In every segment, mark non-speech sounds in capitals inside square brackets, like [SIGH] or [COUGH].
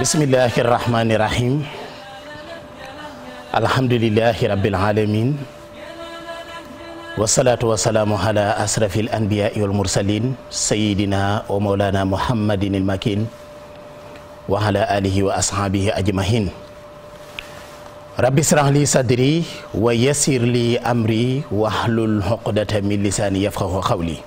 bismillaahi rahmaani rahiim alhamdulilahi rabbil alamin wasalaatu wasalaamu ala asrafi al anbiyaai wal mursalin sayidina wa mawlana muhammadin il makin wa ala alihi wa ashaabihi ajmahin rabbi israh li sadri wa yassir li amri wahlul uqdata min lisaani yafqahu qawli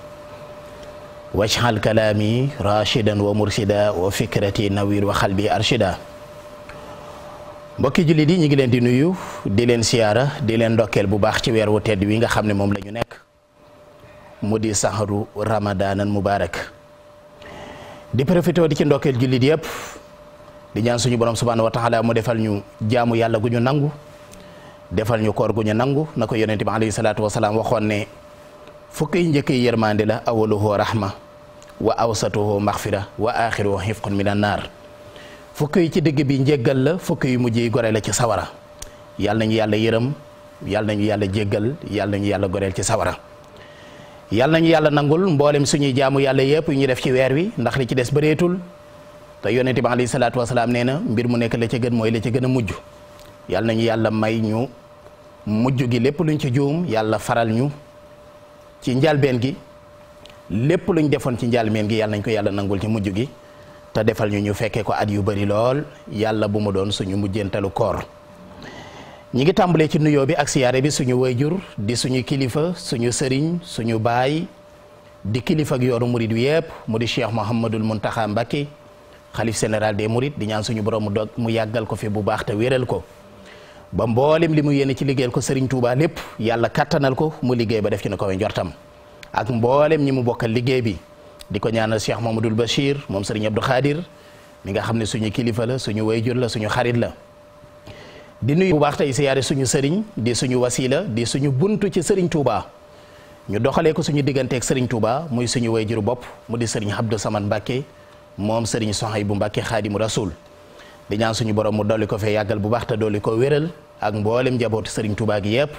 wajhal kalaami rashidan wa murshida wa fikrati nawir wa xalbi arshida mbokki jullit yi ñu ngi leen di nuyu di leen siyaara di leen ndokkeel bu baax ci weer wu tedd wi nga xam ne moom la ñu nekk mu di saxaru ramadanan mubaarak di profité di ci ndokkeel jullit yëpp di ñaan suñu borom subhaanahu wa taala mu defal ñu jaamu yàlla gu ñu nangu defal ñu koor gu ñu nangu na ko yonente bi alayhi salaatu wasalaam waxoon ne fukki njëkk yi yërmande la awaluhu wa awsatuhu maxfira wa axiruhu xifqun min an fukk yi ci digg bi njéggal la fukk yu mujj yi goreel la ci sawara yàlla nañu yàlla yërëm yàlla nañu yàlla jéggal yàlla ñu yàlla goreel ci sawara yàlla nañu yàlla nangul mboolem suñuy jaamu yàlla yëpp yu ñu def ci weer wi ndax li ci des bareetul te yonente bi alayhi salaatu wasalaam nee na mbir mu nekk la ca gën mooy la ca gën a mujj yàlla nañu yàlla may ñu mujj gi lépp luñ ci juum yàlla faral ñu ci njalbeen gi lépp luñ defoon ci njalbeen gi yàlla nañ ko yàlla nangul ci mujj gi te defal ñu ñu fekke ko at yu bari lool yàlla bu mu doon suñu mujjentalu koor ñi ngi tàmbalee ci nuyoo bi ak siyaare bi suñu wayjur di suñu kilifa suñu sëriñ suñu baay di kilifa yoonu murid yépp mu di Cheikh Mouhamadul Mountakha Mbacké xalif général de murit di ñaan suñu borom mu dog mu yàggal ko fi bu baax te wéral ko ba mboolem li mu yéene ci liggéeyal ko Serigne Touba lépp yàlla kàttanal ko mu liggéey ba def ci na ko njortam ak mboolem ñi mu di ko ñaanal Cheikh Mamadou Bachir moom Serigne Abdou Khadir mi nga xam ne suñu kilifa la suñu wayjur la suñu xarit la. di nuyu bu baax tey siyaare suñu sëriñ di suñu wasila di suñu buntu ci sëriñ Touba ñu doxalee ko suñu digganteek sëriñ Touba muy suñu wayjur bopp mu di sëriñ Abdou saman mbakke moom sëriñ Sohaybu Mbacke mu Rasul di ñaan suñu borom mu dolli ko fee yàggal bu baax te dolli ko wéral ak mboolem njabootu sëriñ Touba gi yëpp.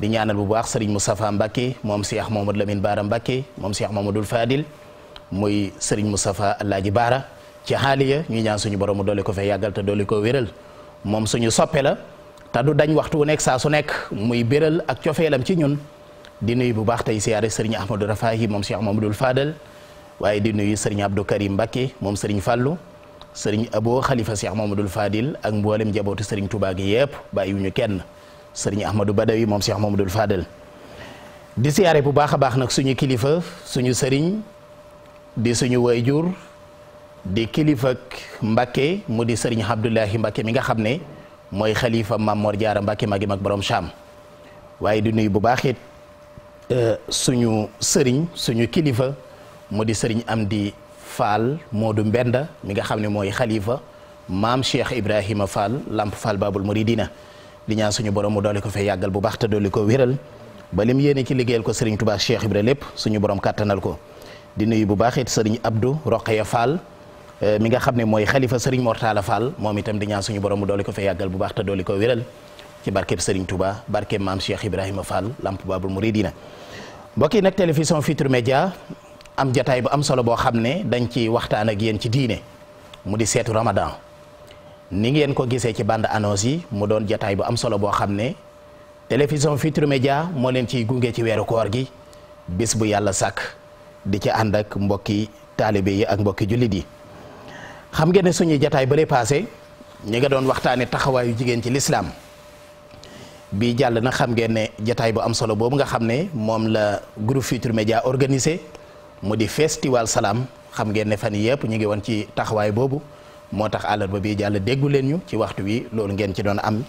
di ñaanal bu baax sëriñ Moustapha Mbacke moom Cheikh Mamadou Lamine Bara Mbacke moom Cheikh Mamadou Fadil. muy Serigne Moustapha Alaaji Baara ci xaaliya ñuy ñaan suñu borom mu doole ko fee yàggal te doole ko wéral moom suñu soppe la te du dañ waxtu wu nekk saa su nekk muy béral ak cofeelam ci ñun di nuyu bu baax tey siyaare Serigne Ahmadou Rafahi moom Cheikh Mamadou Fadel waaye di nuyu Serigne Abdou Karim Mbacké moom Serigne Fallou Serigne Abo Khalifa Cheikh Mamadou Fadil ak mboolem njabootu Serigne Touba gi yëpp bàyyiwuñu kenn Serigne Ahmadou Badawi moom Cheikh Mamadou Fadel di siyaare bu baax a baax nag kilifa suñu Serigne. di suñu wayjur di kilifak Mbacke mu di sëriñ Abdoulahi Mbacke mi nga xam ne mooy xalifa Maam Mor Jaara Mbacke mag borom Cham waaye di nuyu bu baax it euh, suñu sëriñ suñu kilifa mu di sëriñ Amdi Fall Modou Mbenda mi nga xam ne mooy xalifa maam Cheikh Ibrahima Fall Lamp Fall Babul Muridina di ñaan suñu borom mu doole ko fee yàggal bu baax te doole ko wéral ba lim yéene ci liggéeyal ko sëriñ Touba Cheikh Ibra lépp suñu borom kàttanal ko. di nuyu bu baax it sëriñ Abdou Rokhaya Fall eh, mi nga xam ne mooy xalifa sëriñ Mortala Fall moom itam di ñaan suñu borom mu dooli ko fee yàggal bu baax te dooli ko wéral ci barkeb sëriñ Touba barkeb maam Cheikh Ibrahima Fall lamp Babul Mouridina mbokk yi nag télévision Futurs média am jataay bu am solo boo xam ne dañ ci waxtaan ak yéen ci diine mu di seetu Ramadan ni ngeen ko gisee ci bande annonce yi mu doon jataay bu am solo boo xam ne télévision Futurs Médias moo leen ciy gunge ci weeru koor gi bis bu yàlla sàkk di ci ànd ak mbokki taalibe yi ak mbokki jullit yi xam ngeen ne suñuy jataay bële paase ñi nga doon waxtaane taxawaayu jigéen ci lislaam bi jàll na xam ngeen ne jataay bu am solo boobu nga xam ne moom la groupe Futurs Médias organisé mu di festival salaam xam ngeen ne fan yëpp ñu ngi woon ci taxawaay boobu moo tax àllarba bi jàll déggu leen ñu ci waxtu wi loolu ngeen ci doon am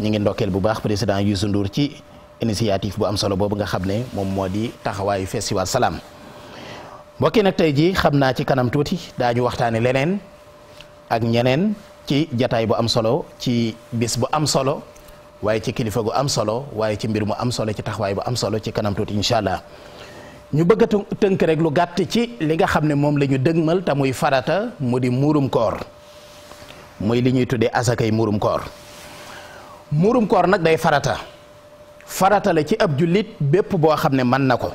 ñu ngi ndokkeel bu baax président Youssou Ndour ci initiative bu am solo boobu nga xam ne moom moo di taxawaayu festival salaam mbokki nag tey jii xam naa ci kanam tuuti daañu waxtaane leneen ak ñeneen ci jataay bu am solo ci bis bu am solo waaye ci kilifa gu am solo waaye ci mbir mu am solo ci taxawaay bu am solo ci kanam tuuti incha allah ñu bëgg a tënk rek lu gàtt ci li nga xam ne moom lañu ñu dëgmal te muy farata mu di muurum koor muy li ñuy tuddee asakay muurum koor muurum koor nag day farata farata la ci ab jullit bépp boo xam ne mën na ko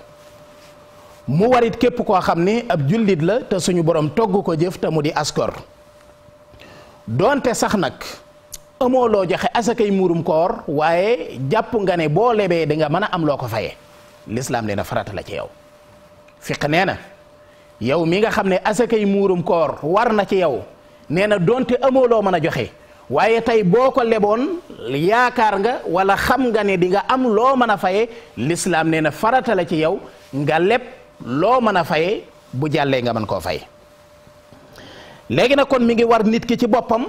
mu warit képp koo xam ni ab jullit la te suñu borom togg ko jëf te mu di askor doonte sax nag amoo loo joxe asakay muurum koor waaye jàpp nga ne boo lebee di nga mën a am loo ko fayee lislaam nee na farata la ci yow fiq nee na yow mi nga xam ne asakay muurum koor war na ci yow nee na doonte amoo mën a joxe waaye tey boo ko leboon yaakaar nga wala xam nga ne di nga loo mën a faye lislaam nee na farata la ci yow nga leb loo mën a fay bu jàllee nga mën koo fay léegi nag kon mi ngi war nit ki ci boppam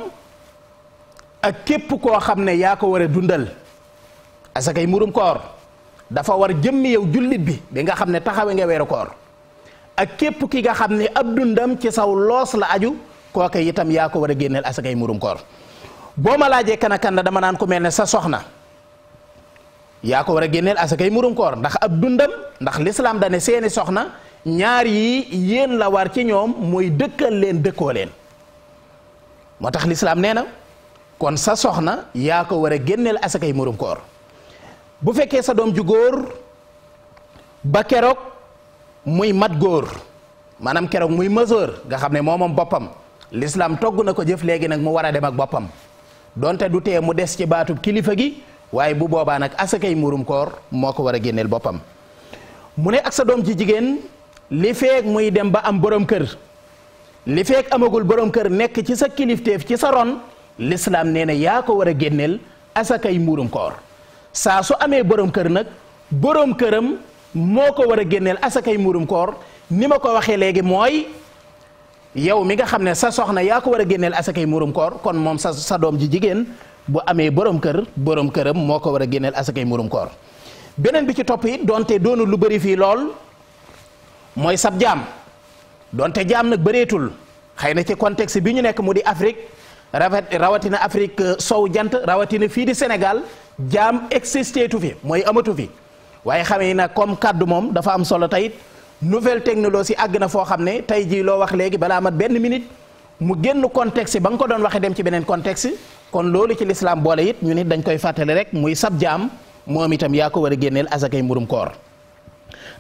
ak képp koo xam ne yaa ko war a dundal asakay murum koor dafa war jëmmi yow jullit bi bi nga xam ne taxawe nga weeru koor ak képp ki nga xam ne ab dundam ci saw loos la aju kooke itam yaa ko war a génneel asakay murum koor boo ma laajee kan ak dama naan ku mel ne sa soxna yaa ko war a génneel asakay murum koor ndax ab dundam ndax lislaam ne seeni soxna ñaar yi yéen la war ci ñoom mooy dëkkal leen dëkkoo leen moo tax lislaam nee na kon sa soxna yaa ko war a génneel asakay murum koor bu fekkee sa doom ju góor ba keroog muy mat góor maanaam keroog muy majeur nga xam ne moomam boppam lislaam togg na ko jëf léegi nag mu war a dem ak boppam donte du tee mu des ci baatub kilifa gi waaye bu boobaa nag asakay murum koor moo ko war a génneel boppam mu ne ak sa doom ji jigéen li feek muy dem ba am borom kër li feek amagul borom kër nekk ci sa kilifteef ci sa ron lislaam nee na yaa ko war a génneel asakay murum koor saa su amee borom kër nag borom këram moo ko war a génneel asakay murum koor ni ma ko waxee léegi mooy yow mi nga xam ne sa soxna yaa ko war a génneel asakay murum koor kon moom sa sa doom ji jigéen bu amee borom kër borom këram moo ko war a génneel asakay murum koor beneen bi ci topp it donte doonul lu bëri fii lool mooy sab jaam donte jaam nag bëreetul xëy na ci contexte bi ñu nekk mu di Afrique rawatina Afrique euh, sow jant rawatina fii di Sénégal jaam existeetu fi mooy amatu fi waaye xam ne nag comme kàddu moom dafa am solo tey nouvelle technologie àgg na foo xam ne tey jii loo wax léegi balaa mat benn minute mu génn contexte ba ko doon waxee dem ci beneen contexte kon loolu ci lislaam boole it ñu nit dañ koy fàttale rek muy sab jaam moom itam yaa ko war a génneel asakay mburum koor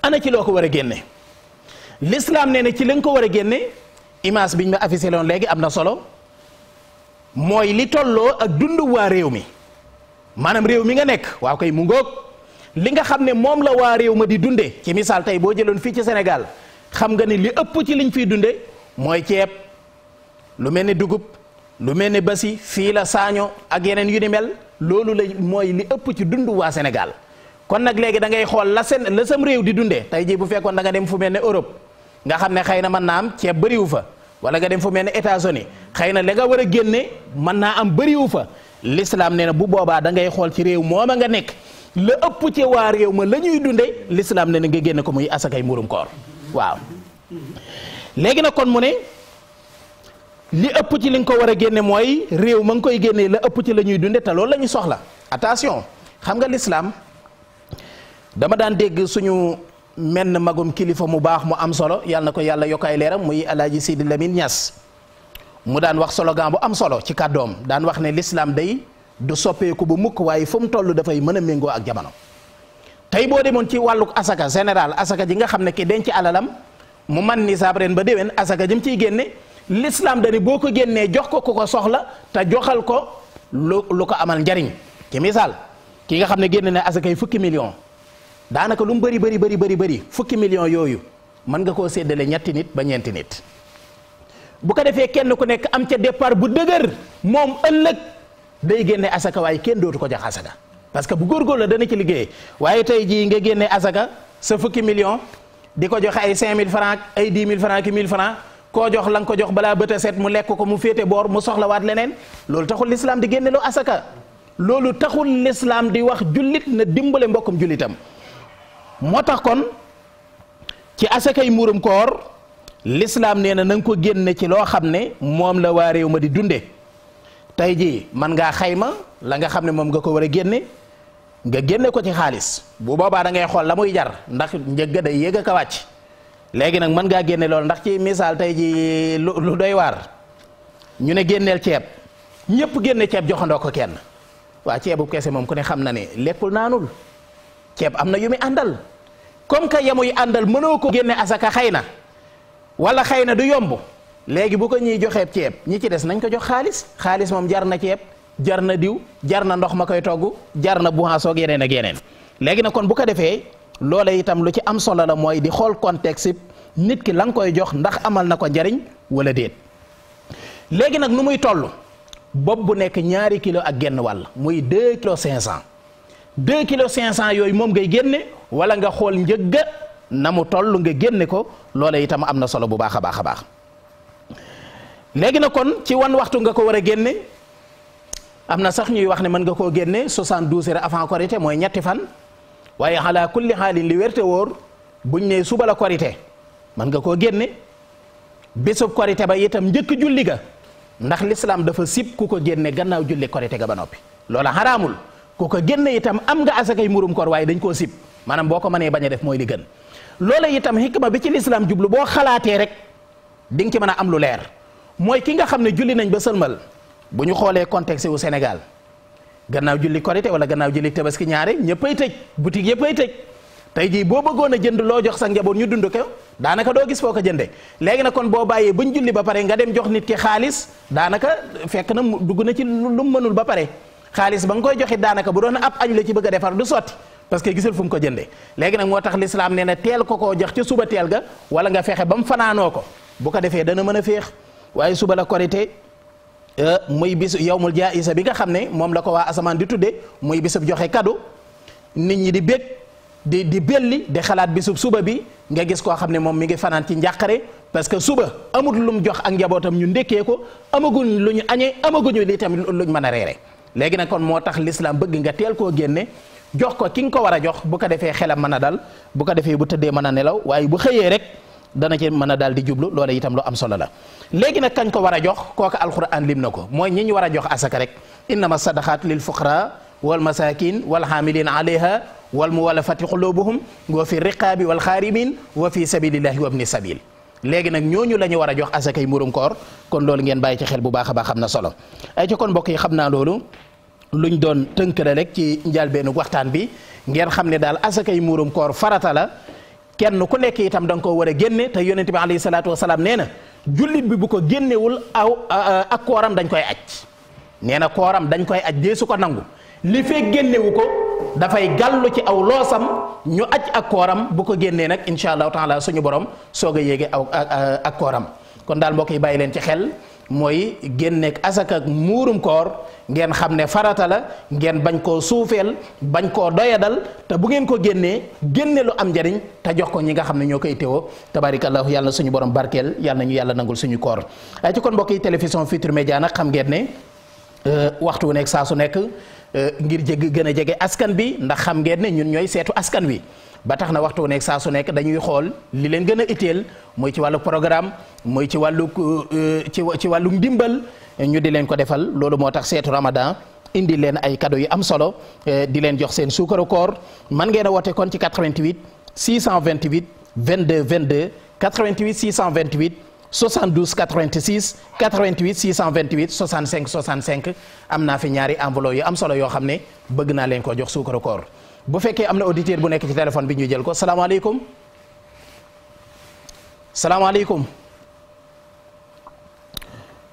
ana ci loo ko war a génne lislaam nee na ci li ko war a génne image bi ñu ma affiché loon léegi am na solo mooy li tolloo ak dundu waa réew mi maanaam réew mi nga nekk waaw koy mu ngoog li nga xam ne moom la waa réew ma di dunde ci misaal tey boo jëloon fii ci senegal xam nga ni li ëpp ci liñ fiy dunde mooy ceeb lu mel ni dugub lu mel ni basi fii la saaño ak yeneen yu ni mel loolu la mooy li ëpp ci dund waa Sénégal kon nag léegi da ngay xool la seen sam réew di dundee tey jii bu fekkoon da dem fu mel ne Europe nga xam ne xëy na mën naa am ceeb bëriwu fa wala nga fu mel ne États-Unis xëy na la nga war a génne mën naa am bëriwu fa l'islam nee na bu boobaa da xool ci réew mooma nga nekk la ëpp ci waa réew ma la ñuy dunde l'islam ne na nga génne ko muy assakay mburum koor waaw léegi nag kon mu ne li ëpp ci li nga ko war a génne mooy réew ma nga koy génnee la ëpp ci la ñuy dunde te loolu la soxla attention xam nga lislaam dama daan dégg suñu menn magum kilifa mu baax mu am solo yàlla na ko yàlla yokkaay leeram muy alaaji Sidi Lamine Niass mu daan wax slogan bu am solo ci kàddoom daan wax ne lislaam day du soppeeku bu mukk waaye fu mu toll dafay mën a méngoo ak jamono tey boo demoon ci wàlluk asaka général asaka ji nga xam ne ki denc alalam mu man ni saab ren ba déwén asaka jëm ciy génne l'islam dani boo ko génnee jox ko ko ko soxla te joxal ko lu ko amal njariñ ci misaal ki nga xam ne génn ne yi fukki million daanaka lu bari bëri bëri bëri bëri fukki million yooyu mën nga koo séddale ñetti nit ba ñeenti nit bu ko defee kenn ku nekk am ca départ bu dëgër moom ëllëg day génne asaka waaye kenn dootu ko jox asaka parce que bu góorgóor la dana ci liggéey waaye tey jii nga génne asaka sa fukki million di ko jox ay 5000 francs ay 10 000 francs ki koo jox la nga ko jox balaa bët a set mu lekk ko mu féete boor mu soxlawaat leneen loolu taxul lislaam di génne loo asaka loolu taxul lislaam di wax jullit na dimbale mbokkum jullitam moo tax kon ci asakay muurum koor lislaam nee na na nga ko génne ci loo xam ne moom la waa réew ma di dunde tey jii man ngaa xayma la nga xam ne moom nga ko war a génne nga génne ko ci xaalis bu boobaa da ngay xool la muy jar ndax njëgga day yéeg a ka wàcc léegi nag mën ngaa génne loolu ndax ci misaal tey ji lu doy waar ñu ne génneel ceeb ñëpp génne ceeb joxandoo ko kenn waa ceebu kese moom ku ne xam na ne lekkul naanul ceeb am na yu muy àndal comme que yamuy àndal mënoo ko génne asaka xëy na wala xëy na du yomb léegi bu ko ñuy joxee ceeb ñi ci des nañ ko jox xaalis xaalis moom jar na ceeb jar na diw jar na ndox ma koy togg jar na buhansoo ak yeneen a geneen léegi nag kon bu ko defee loole itam lu ci am solo la mooy di xool contexte nit ki la nga koy jox ndax amal na ko njariñ wala déet léegi nag nu muy toll bopp bu nekk ñaari kilo ak genn wàll muy deux kilo cinq cent deux kilo cinq cent yooyu moom ngay génne wala nga xool njëgga na mu toll nga génne ko loole itam am na solo bu baax a baax a baax léegi na kon ci wan waxtu nga ko war a génne am na sax ñuy wax ne mën nga koo génne soixante-douze heures avant Korité mooy ñetti fan waaye xalaa kulli xaalin li wérte wóor buñ nee suba la korite mën nga koo génne bésub korite ba yitam njëkk julli ga ndax lislaam dafa sib ku ko génne gannaaw julli korite ga ba noppi loola xaraamul ku ko génne itam am nga asakay murum kor waaye dañ koo sib maanaam boo ko manee bañ a def mooy li gën loola itam xikma bi ci lislaam jublu boo xalaatee rek di nga ci mën a am lu leer mooy ki nga xam ne julli nañ ba sëlmal bu ñu xoolee contexte wu Sénégal gannaaw julli korité wala gannaaw julli tabaski ñaare ñëppay tëj boutique yëppay tëj tey jii boo bëggoon a jënd loo jox sa njaboot ñu dund ko daanaka doo gis foo ko jëndee léegi nag kon boo bàyyee buñ julli ba pare nga dem jox nit ki xaalis daanaka fekk na dugg na ci lu mënul ba pare xaalis ba koy joxe daanaka bu doon ab añ la ci bëgg a defar du sotti que gisul fu mu ko jëndee léegi nag moo tax lislaam nee na teel ko ko jox ci suba teel ga wala nga fexe ba mu fanaanoo ko bu ko defee dana mën a feex waaye suba la korité Euh, muy bisu yow yowmul jaayisa bi nga xam ne moom la ko waa asamaan di tuddee muy bisub joxe kaddu nit ñi di bég di di belli di xalaat bisub suba bi nga gis koo xam ne moom mi ngi fanaan ci njàqare parce que suba amut lu mu jox ak njabootam ñu ndekkee ko amaguñ lu ñu añee amaguñu li tamit luñ mën a reere léegi nag kon moo tax lislaam bëgg nga teel koo génne jox ko ki nga ko war a jox bu ko defee xelam mën a dal bu ko defee bu tëddee mën a nelaw waaye bu xëyee rek dana ci mën a daal di jublu loola itam loo am solo la léegi nag kañ ko war a jox kooka alquran lim na ko mooy ñi ñu war a jox asaka rek innama sadaqat lil fuqara wal masakin wal hamilin alayha wal mu wala muwalafati qulubuhum ngoo fi riqabi wal xaarimin wa fi sabilillahi wa ibni sabil léegi nag ñooñu la ñu war a jox asakay murum koor kon loolu ngeen bàyyi ci xel bu baax a baax xam na solo ay ci kon mbokk yi xam naa loolu luñ doon tënk la rek ci njëlbeenu waxtaan bi ngeen xam ne daal asakay murum koor farata la kenn ku nekk itam da nga koo war a génne te yonent bi alayhi salaatu wasalaam nee jullit bi bu ko génnewul aw ak kooram dañ koy aj nee na kooram dañ koy aj dee su ko nangu li fee génnewu ko dafay gallu ci aw loosam ñu aj ak kooram bu ko génnee nag incha allahu taala suñu borom soog a yéege aw ak kooram kon daal mbokk yi bàyyi leen ci xel mooy génneeg asaka ak muurum koor ngeen xam ne farata la ngeen bañ koo suufeel bañ koo doyadal te bu ngeen ko génnee génne lu am njariñ te jox ko ñi nga xam ne ñoo koy teewoo tabarakallahu yàlla suñu borom barkeel yàlla nañu yàlla nangul suñu koor ay ci kon mbokk télévision Futurs Médias nag xam ngeen ne euh, waxtu nekk saa su nekk Euh, ngir jeg gën a jege askan bi ndax xam ngeen ne ñun ñooy seetu askan wi ba tax na waxtu nekk saa su nekk dañuy xool li leen gën a itteel mooy ci wàllu programme mooy ci wàllu euh, ci ci wàllu ndimbal ñu di leen ko defal loolu moo tax seetu Ramadan indi leen ay kado yu am solo euh, di leen jox seen suukaru koor man ngeen a woote kon ci 88 628 22 22 88 628. 72 86 88 628 65 65 am naa fi ñaari enveloppe yu am solo yoo xam ne bëgg naa leen koo jox suukaru koor bu fekkee am na auditer bu nekk ci téléphone bi ñu jël ko salaamaaleykum salaamaaleykum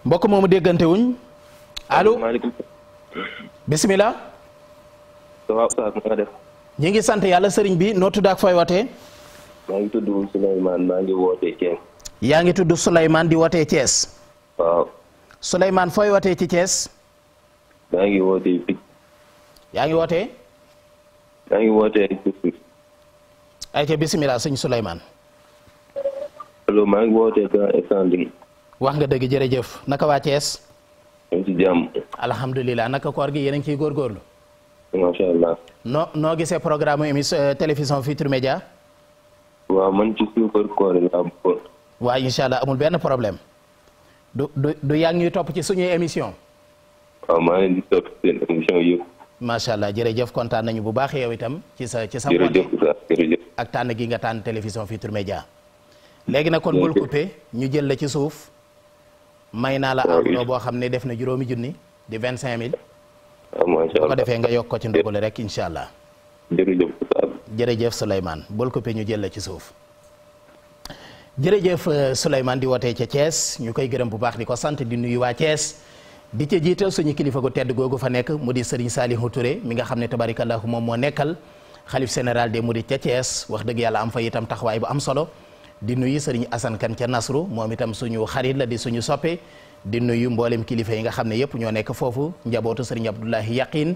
mbokk moomu déggante wuñ allo maaleykum ñu ngi sant yàlla sëriñ bi noo tudd ak fooy tudd yaa ngi tudd Souleymane di wootee Thiès. waaw. Souleymane fooy wootee ci Thiès. maa ngi wootee Pic. yaa ngi wootee. maa ngi wootee Pic. ayca bisimilah sëñ Souleymane. allo maa ngi wootee Grand Estending. wax nga dëgg jërëjëf naka waa Thiès. ñu ci jàmm. alhamdulilah naka koor gi yéen a ngi ciy góorgóorlu. macha allah. gisee programme émission euh, télévision Futurs Médias. waaw man ci suukar koor laa bëggoon. waaye incha allah amul benn problème du du du yaa ngi topp ci suñuy émission waaw allah jërëjëf kontaan nañu bu baax yow itam. ci sa ci sa ak tànn gi nga tànn télévision Futurs média léegi nag kon bul coupé ñu jël la ci suuf. may naa la am ah, boo xam ne def na juróomi junni di vingt cinq mille. Ah, macha allah ko defee nga yokk ko ci ndogale rek incha allah. jërëjëf jërëjëf Souleymane bol coupé ñu jël la ci suuf. jërëjëf euh, Souleymane di wootee ca Thiès ñu koy gërëm bu baax di ko sant di nuyu waa Thiès di ca jiital suñu kilifa gu tedd googu fa nekk mu di Serigne Saliou Touré mi nga xam ne tabarakallahu moom moo nekkal xalif général mu di ca Thiès wax dëgg yàlla am fa itam taxawaay bu am solo di nuyu Serigne Assane Kane ca Nasru moom itam suñu xarit la di suñu soppee di nuyu mboolem kilifa yi nga xam ne yëpp ñoo nekk foofu njabootu Serigne Abdoulahi Yaqin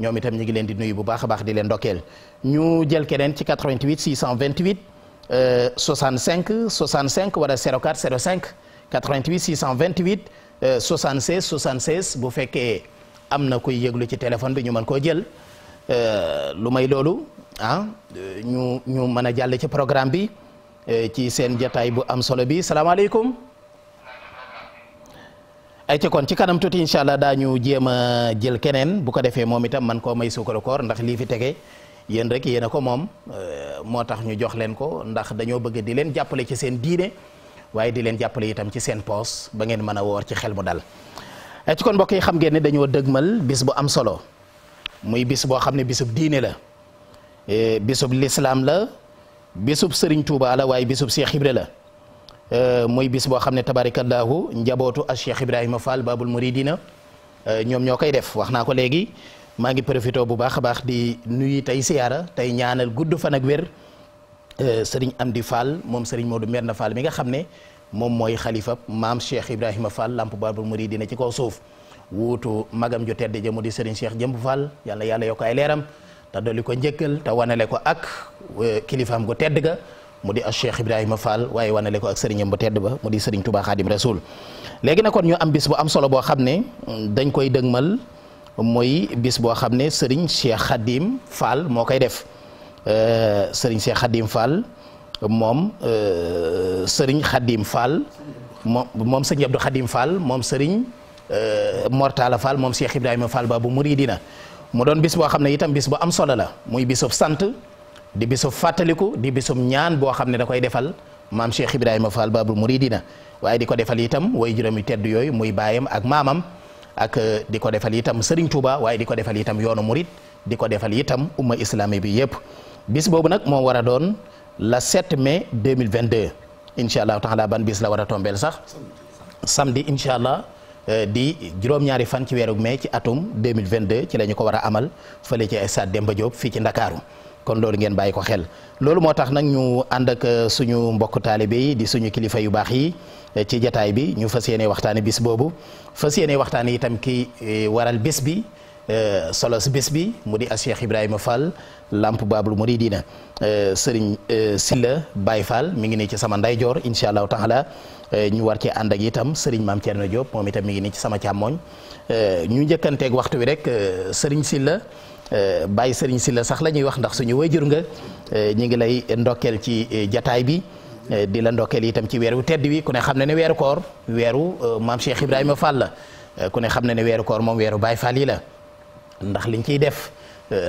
ñoom itam ñu ngi leen di nuyu bu baax baax di leen ndokkeel ñu jël keneen ci 88 65 euh, 65 wala 04 05 88 628 76 76 bu fekkee am na kuy yëglu ci téléphone bi ñu mën koo jël euh, lu may loolu ah ñu ñu mën a jàll ci programme bi euh, ci seen jataay bu am solo bi salaamaaleykum. ay ci kon ci kanam tuuti incha allah daañu jéem a jël keneen bu ko defee moom itam man koo may sukkaru koor ndax lii fi tege. yéen rek yéen a ko moom euh, moo tax ñu jox leen ko ndax dañoo bëgg di leen jàppale ci seen diine waaye di leen jàppale itam ci seen poos ba ngeen mën a woor ci xel mu daal ci kon mbokk xam ngeen ne dañoo dëgmal bis bu am solo muy bis boo xam ne bisub diine la euh, bisub lislaam la bisub sëriñ Touba la waaye bisub Cheikh Ibra la euh, muy bis boo xam ne tabarakallaahu njabootu a Cheikh Ibrahima Fall Babul Muridina ñoom ñoo koy def wax naa ko léegi maa ngi profité bu baax a baax di nuyu tey siyaara tey ñaanal gudd fan ak wér euh, sëriñ Amdi Fall moom sëriñ Modou Merna Fall mi nga xam ne moom mooy xalifa maam Cheikh Ibrahima Fall lamp Baabul Muridiina ci kaw suuf wuutu magam ju tedd jëmu di sëriñ Cheikh Jëmb Fall yàlla yàlla yokk ay leeram te dolli ko njëkkal te wanale ko ak euh, kilifaam gu tedd ga mu di a Cheikh Ibrahima Fall waaye wanale ko ak sëriñam bu tedd ba mu di sëriñ Touba Xaadim Rasul léegi nag kon ñu am bis bu am solo boo xam ne mm, dañ koy dëgmal. mooy bis boo xam ne sëriñ Cheikh Khadim Fall moo koy def euh, sëriñ Cheikh Khadim Fall moom euh, sëriñ Khadim Fall moom moom sëriñ Abdou Khadim Fall moom sëriñ euh, Mortala Fall moom Cheikh Ibrahima Fall ba bu muridina mu doon bis boo xam ne itam bis bu am solo la muy bisub sant di bisub fàttaliku di bisub ñaan boo xam ne da koy defal maam Cheikh Ibrahima Fall Babul Muridina waaye di ko defal itam way juróomi tedd yooyu muy baayam ak maamam ak eh, di ko defal itam Serigne Touba waaye di ko defal itam yoonu murit di ko defal itam umma islami bi yëpp bis boobu nag moo war a doon la 7 mai 2022 incha allah taala ban bis la war a tombeel sax samedi incha allah eh, di juróom-ñaari fan ci weeru mai ci atum 2022 ci la ñu ko war a amal fële ci stade Demba Diop fii ci Ndakaaru kon loolu ngeen bàyyi ko xel loolu moo tax nag ñu ànd ak eh, suñu mbokk taalibe di suñu kilifa yu baax yi ci jataay bi ñu fas yéene waxtaane bis boobu fa yéene waxtaan itam ki eh, waral bés bi eh, solos bés bi mu di ibrahima a làmp Ibrahima Fall Lamp Baabul Muridiina eh, Sëriñ Silla Baye Fall mu ngi nii ci sama ndeyjoor incha allahu taala ñu war cee ànd ak itam Sëriñ Maam na Diop moom itam mi ngi nii ci sama càmmooñ ñu njëkkanteeg waxtu wi rek Sëriñ Silla Baye Sëriñ Silla sax la ñuy wax ndax suñu wayjur nga ñu ngi lay ndokkeel ci jataay bi. Eh, di la ndokkeel itam ci weeru tedd wi ku xam na ne weeru koor weeru eh, maam Cheikh Ibrahima Fall la eh, ku ne xam na ne weeru koor moom weeru baay Fall la ndax liñ ciy def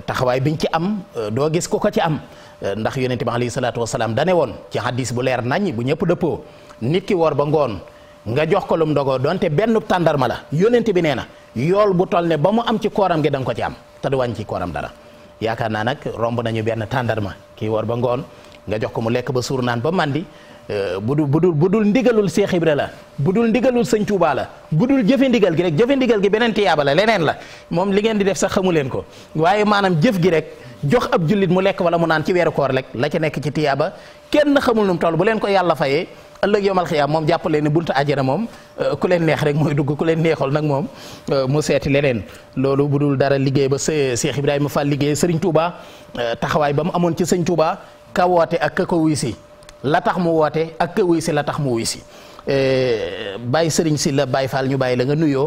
taxawaay biñ ci am doo gis ko ko ci am ndax yonente bi alayhi salaatu wasalaam dane woon ci hadis bu leer nañ bu ñëpp dëppoo nit ki woor ba ngoon nga jox ko lum ndogoo donte benn tàndarma la yonente bi nee na yool bu tol ne ba mu am ci kooram gi da nga ko ci am ta du wàññi ci kooram dara yaakaar naa nag romb nañu benn tàndarma kii woor ba ngoon nga jox ko mu lekk ba suur naan ba màndi euh, bu dul bu dul bu dul ndigalul Seex Ibra la bu dul ndigalul Sëñ Tuubaa la bu dul jëfe ndigal gi rek jëfe ndigal gi beneen tiyaaba la leneen la moom li ngeen def sax xamu leen ko waaye maanaam jëf gi rek jox ab jullit mu lekk wala mu naan ci weeru koor rek la ci nekk ci tiyaaba kenn xamul nu mu bu leen ko yàlla fayee ëllëg yomal xiyaam moom jàppale ne buntu àjjana moom euh, ku leen neex rek mooy dugg ku leen neexool nag moom euh, mu seeti leneen loolu bu dul dara liggéey ba Seex Ibrahima Fall liggéey Sëriñ taxawaay ba mu amoon ci Sëñ ka woote ak ka ko wuy si la tax mu woote ak ka wuy si la tax mu wuy si eh, bàyyi sëriñ si la bàyyi faal ñu bàyyi la nga nuyoo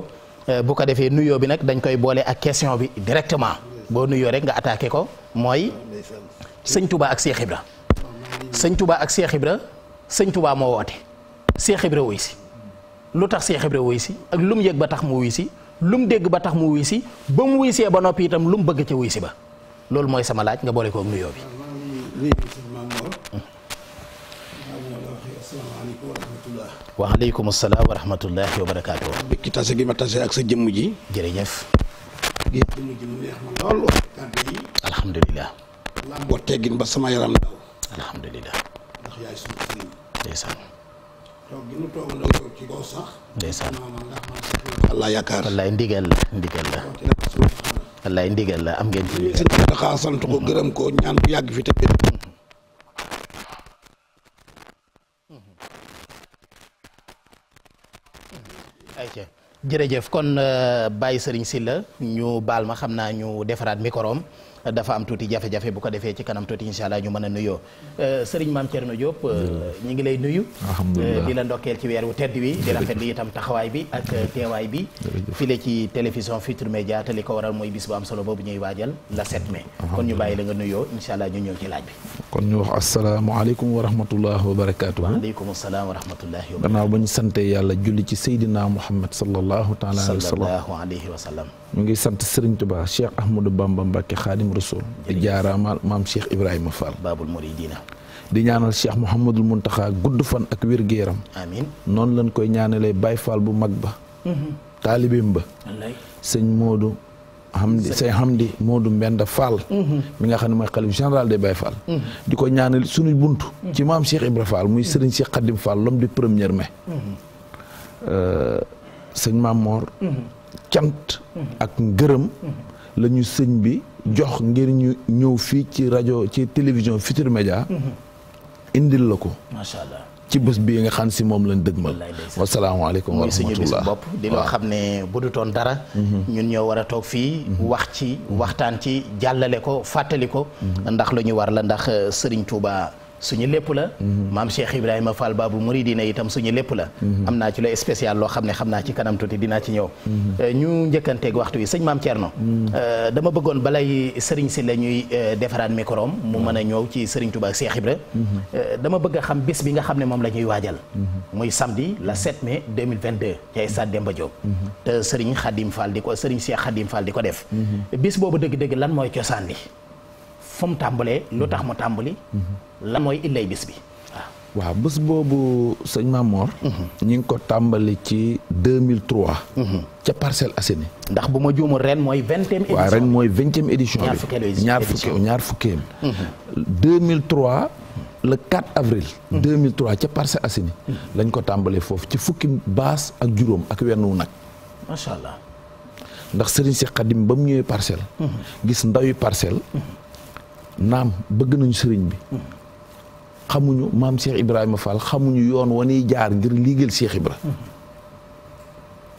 eh, bu ko defee nuyoo bi nag dañ koy boole ak question bi directement boo nuyoo rek nga attaqué ko mooy sëñ tubaa ak Cheikh Ibra sëñ tubaa ak Cheikh Ibra sëñ Touba moo woote Cheikh Ibra wuy si lu tax Cheikh Ibra wuy si ak lu mu yëg ba tax mu wuy si lu mu dégg ba tax mu wuy si ba mu wuy see ba noppi itam lu mu bëgg ca wuy si ba loolu mooy sama laaj nga boole ko nuyoo bi waaleykum salaam wa rahmatullahi wa barakaatu. ki tase gi ma tase ak sa jëmm ji. jërëjëf. gi jëmm ji mu neex ma lool. kàddu yi. alhamdulilah. làmboo teggin ba sama yaram daw. alhamdulilah. ndax yaay sunu sëriñ. ndeysaan. toog gi nu toog ndaw toog ci kaw sax. ndeysaan. ndax man sax. wallaay yaakaar wallaay ndigal la ndigal la. wallaay ndigal la am ngeen ci sëñ Muntaxa sant ko gërëm ko ñaan bu yàgg fi te wér ayca jërëjëf kon euh, Baye Serigne Sylla ñu baal ma xam naa ñu defaraat mikoroom dafa am tuuti jafe-jafe bu ko defee ci kanam tuuti incha allah ñu mën a nuyoo euh, sëriñ maam Thierno Diop euh, ñu ngi lay nuyu euh, di la ndokkeel ci weer wu tedd wi di rafetlu itam taxawaay bi ak teewaay bi file ci télévision Futurs Médias te ko waral mooy bis bu am solo boobu ñuy waajal la 7 mai kon ñu bàyyi la nga nuyoo incha allah ñu ñëw ci laaj bi kon ñu wax asalaamaaleykum wa rahmatullah wa barakaatu waaleykum asalaam wa rahmatullah gannaaw ba ñu sante julli ci seydina muhammad sallallahu taala alayhi wa sallam mu ngi sant Serigne Touba Cheikh Ahmadou Bamba Mbacké Khadim Rasoul di jaaraamaal maam Cheikh Ibrahima Fall Babul Mouridina di ñaanal Cheikh Mouhamadul Mountakha gudd fan ak wér-gu-yaram noonu lañ koy ñaanalee Baye Fall bu mag ba mm-hmm. taalibeem ba sëñ Modou Hamdi sëñ Hamdi Modou Mbenda Fall mm-hmm. mi nga xam ne mooy xalif général de mm-hmm. di ko ñaanal suñu bunt ci maam Cheikh Ibra Fall muy Serigne Cheikh Khadim cant ak ngërëm la ñu sëñ bi jox ngir ñu ñëw fii ci rajo ci télévision Futur Média indil la ko macha ci bés bii nga xam si moom lañ dëgmal wasalaamaaleykum wa rahmatullah bopp di loo xam ne bu du dara mhm. ñun ñoo war a toog fii mhm. wax ci waxtaan ci jàllale ko fàttali ko mhm. ndax lu ndax euh, Sëriñ Tuubaa suñu lépp la mhm. maam Cheikh Ibrahima Fall Babou Mouridina itam suñu lépp la mhm. am naa ci looy spécial loo xam ne xam naa ci kanam tuuti dinaa ci ñëw mhm. euh, ñu njëkkanteeg waxtu yi sëñ maam Thierno euh, dama bëggoon balay sëriñ si la ñuy euh, defaraat micro mu mën a ñëw ci sëriñ Touba ak Cheikh dama bëgg xam bis bi nga xam ne moom la ñuy waajal muy samedi la 7 mai 2022 ci stade Demba Diop te sëriñ Khadim Fall di ko sëriñ a Khadim Fall di ko def bis boobu dëgg-dëgg lan mooy cosaan li fu mu tàmbalee lu mhm. tax mu tàmbali mhm. la mooy illay bi waaw waaw boobu sëñ Mamor mhm. ñi ngi ko tàmbali ci 2003 ca Parcelles Assainies ndax bu ma juumul ren mooy vingtième édition waaw mooy vingtième édition bi ñaar fukkeelu ñaar fukkeelu 2003 le 4 avril 2003 ca Parcelles Assainies lañ ko tàmbalee foofu ci fukki baas ak juróom ak wenn wu nag macha allah ndax Serigne Cheikh Khadim ba mu ñëwee parcelle gis ndawi parcelle naam bëgg nañu sëriñ bi xamuñu maam Cheikh Ibrahima Fall xamuñu yoon wanuy jaar ngir liggéeyal Cheikh Ibra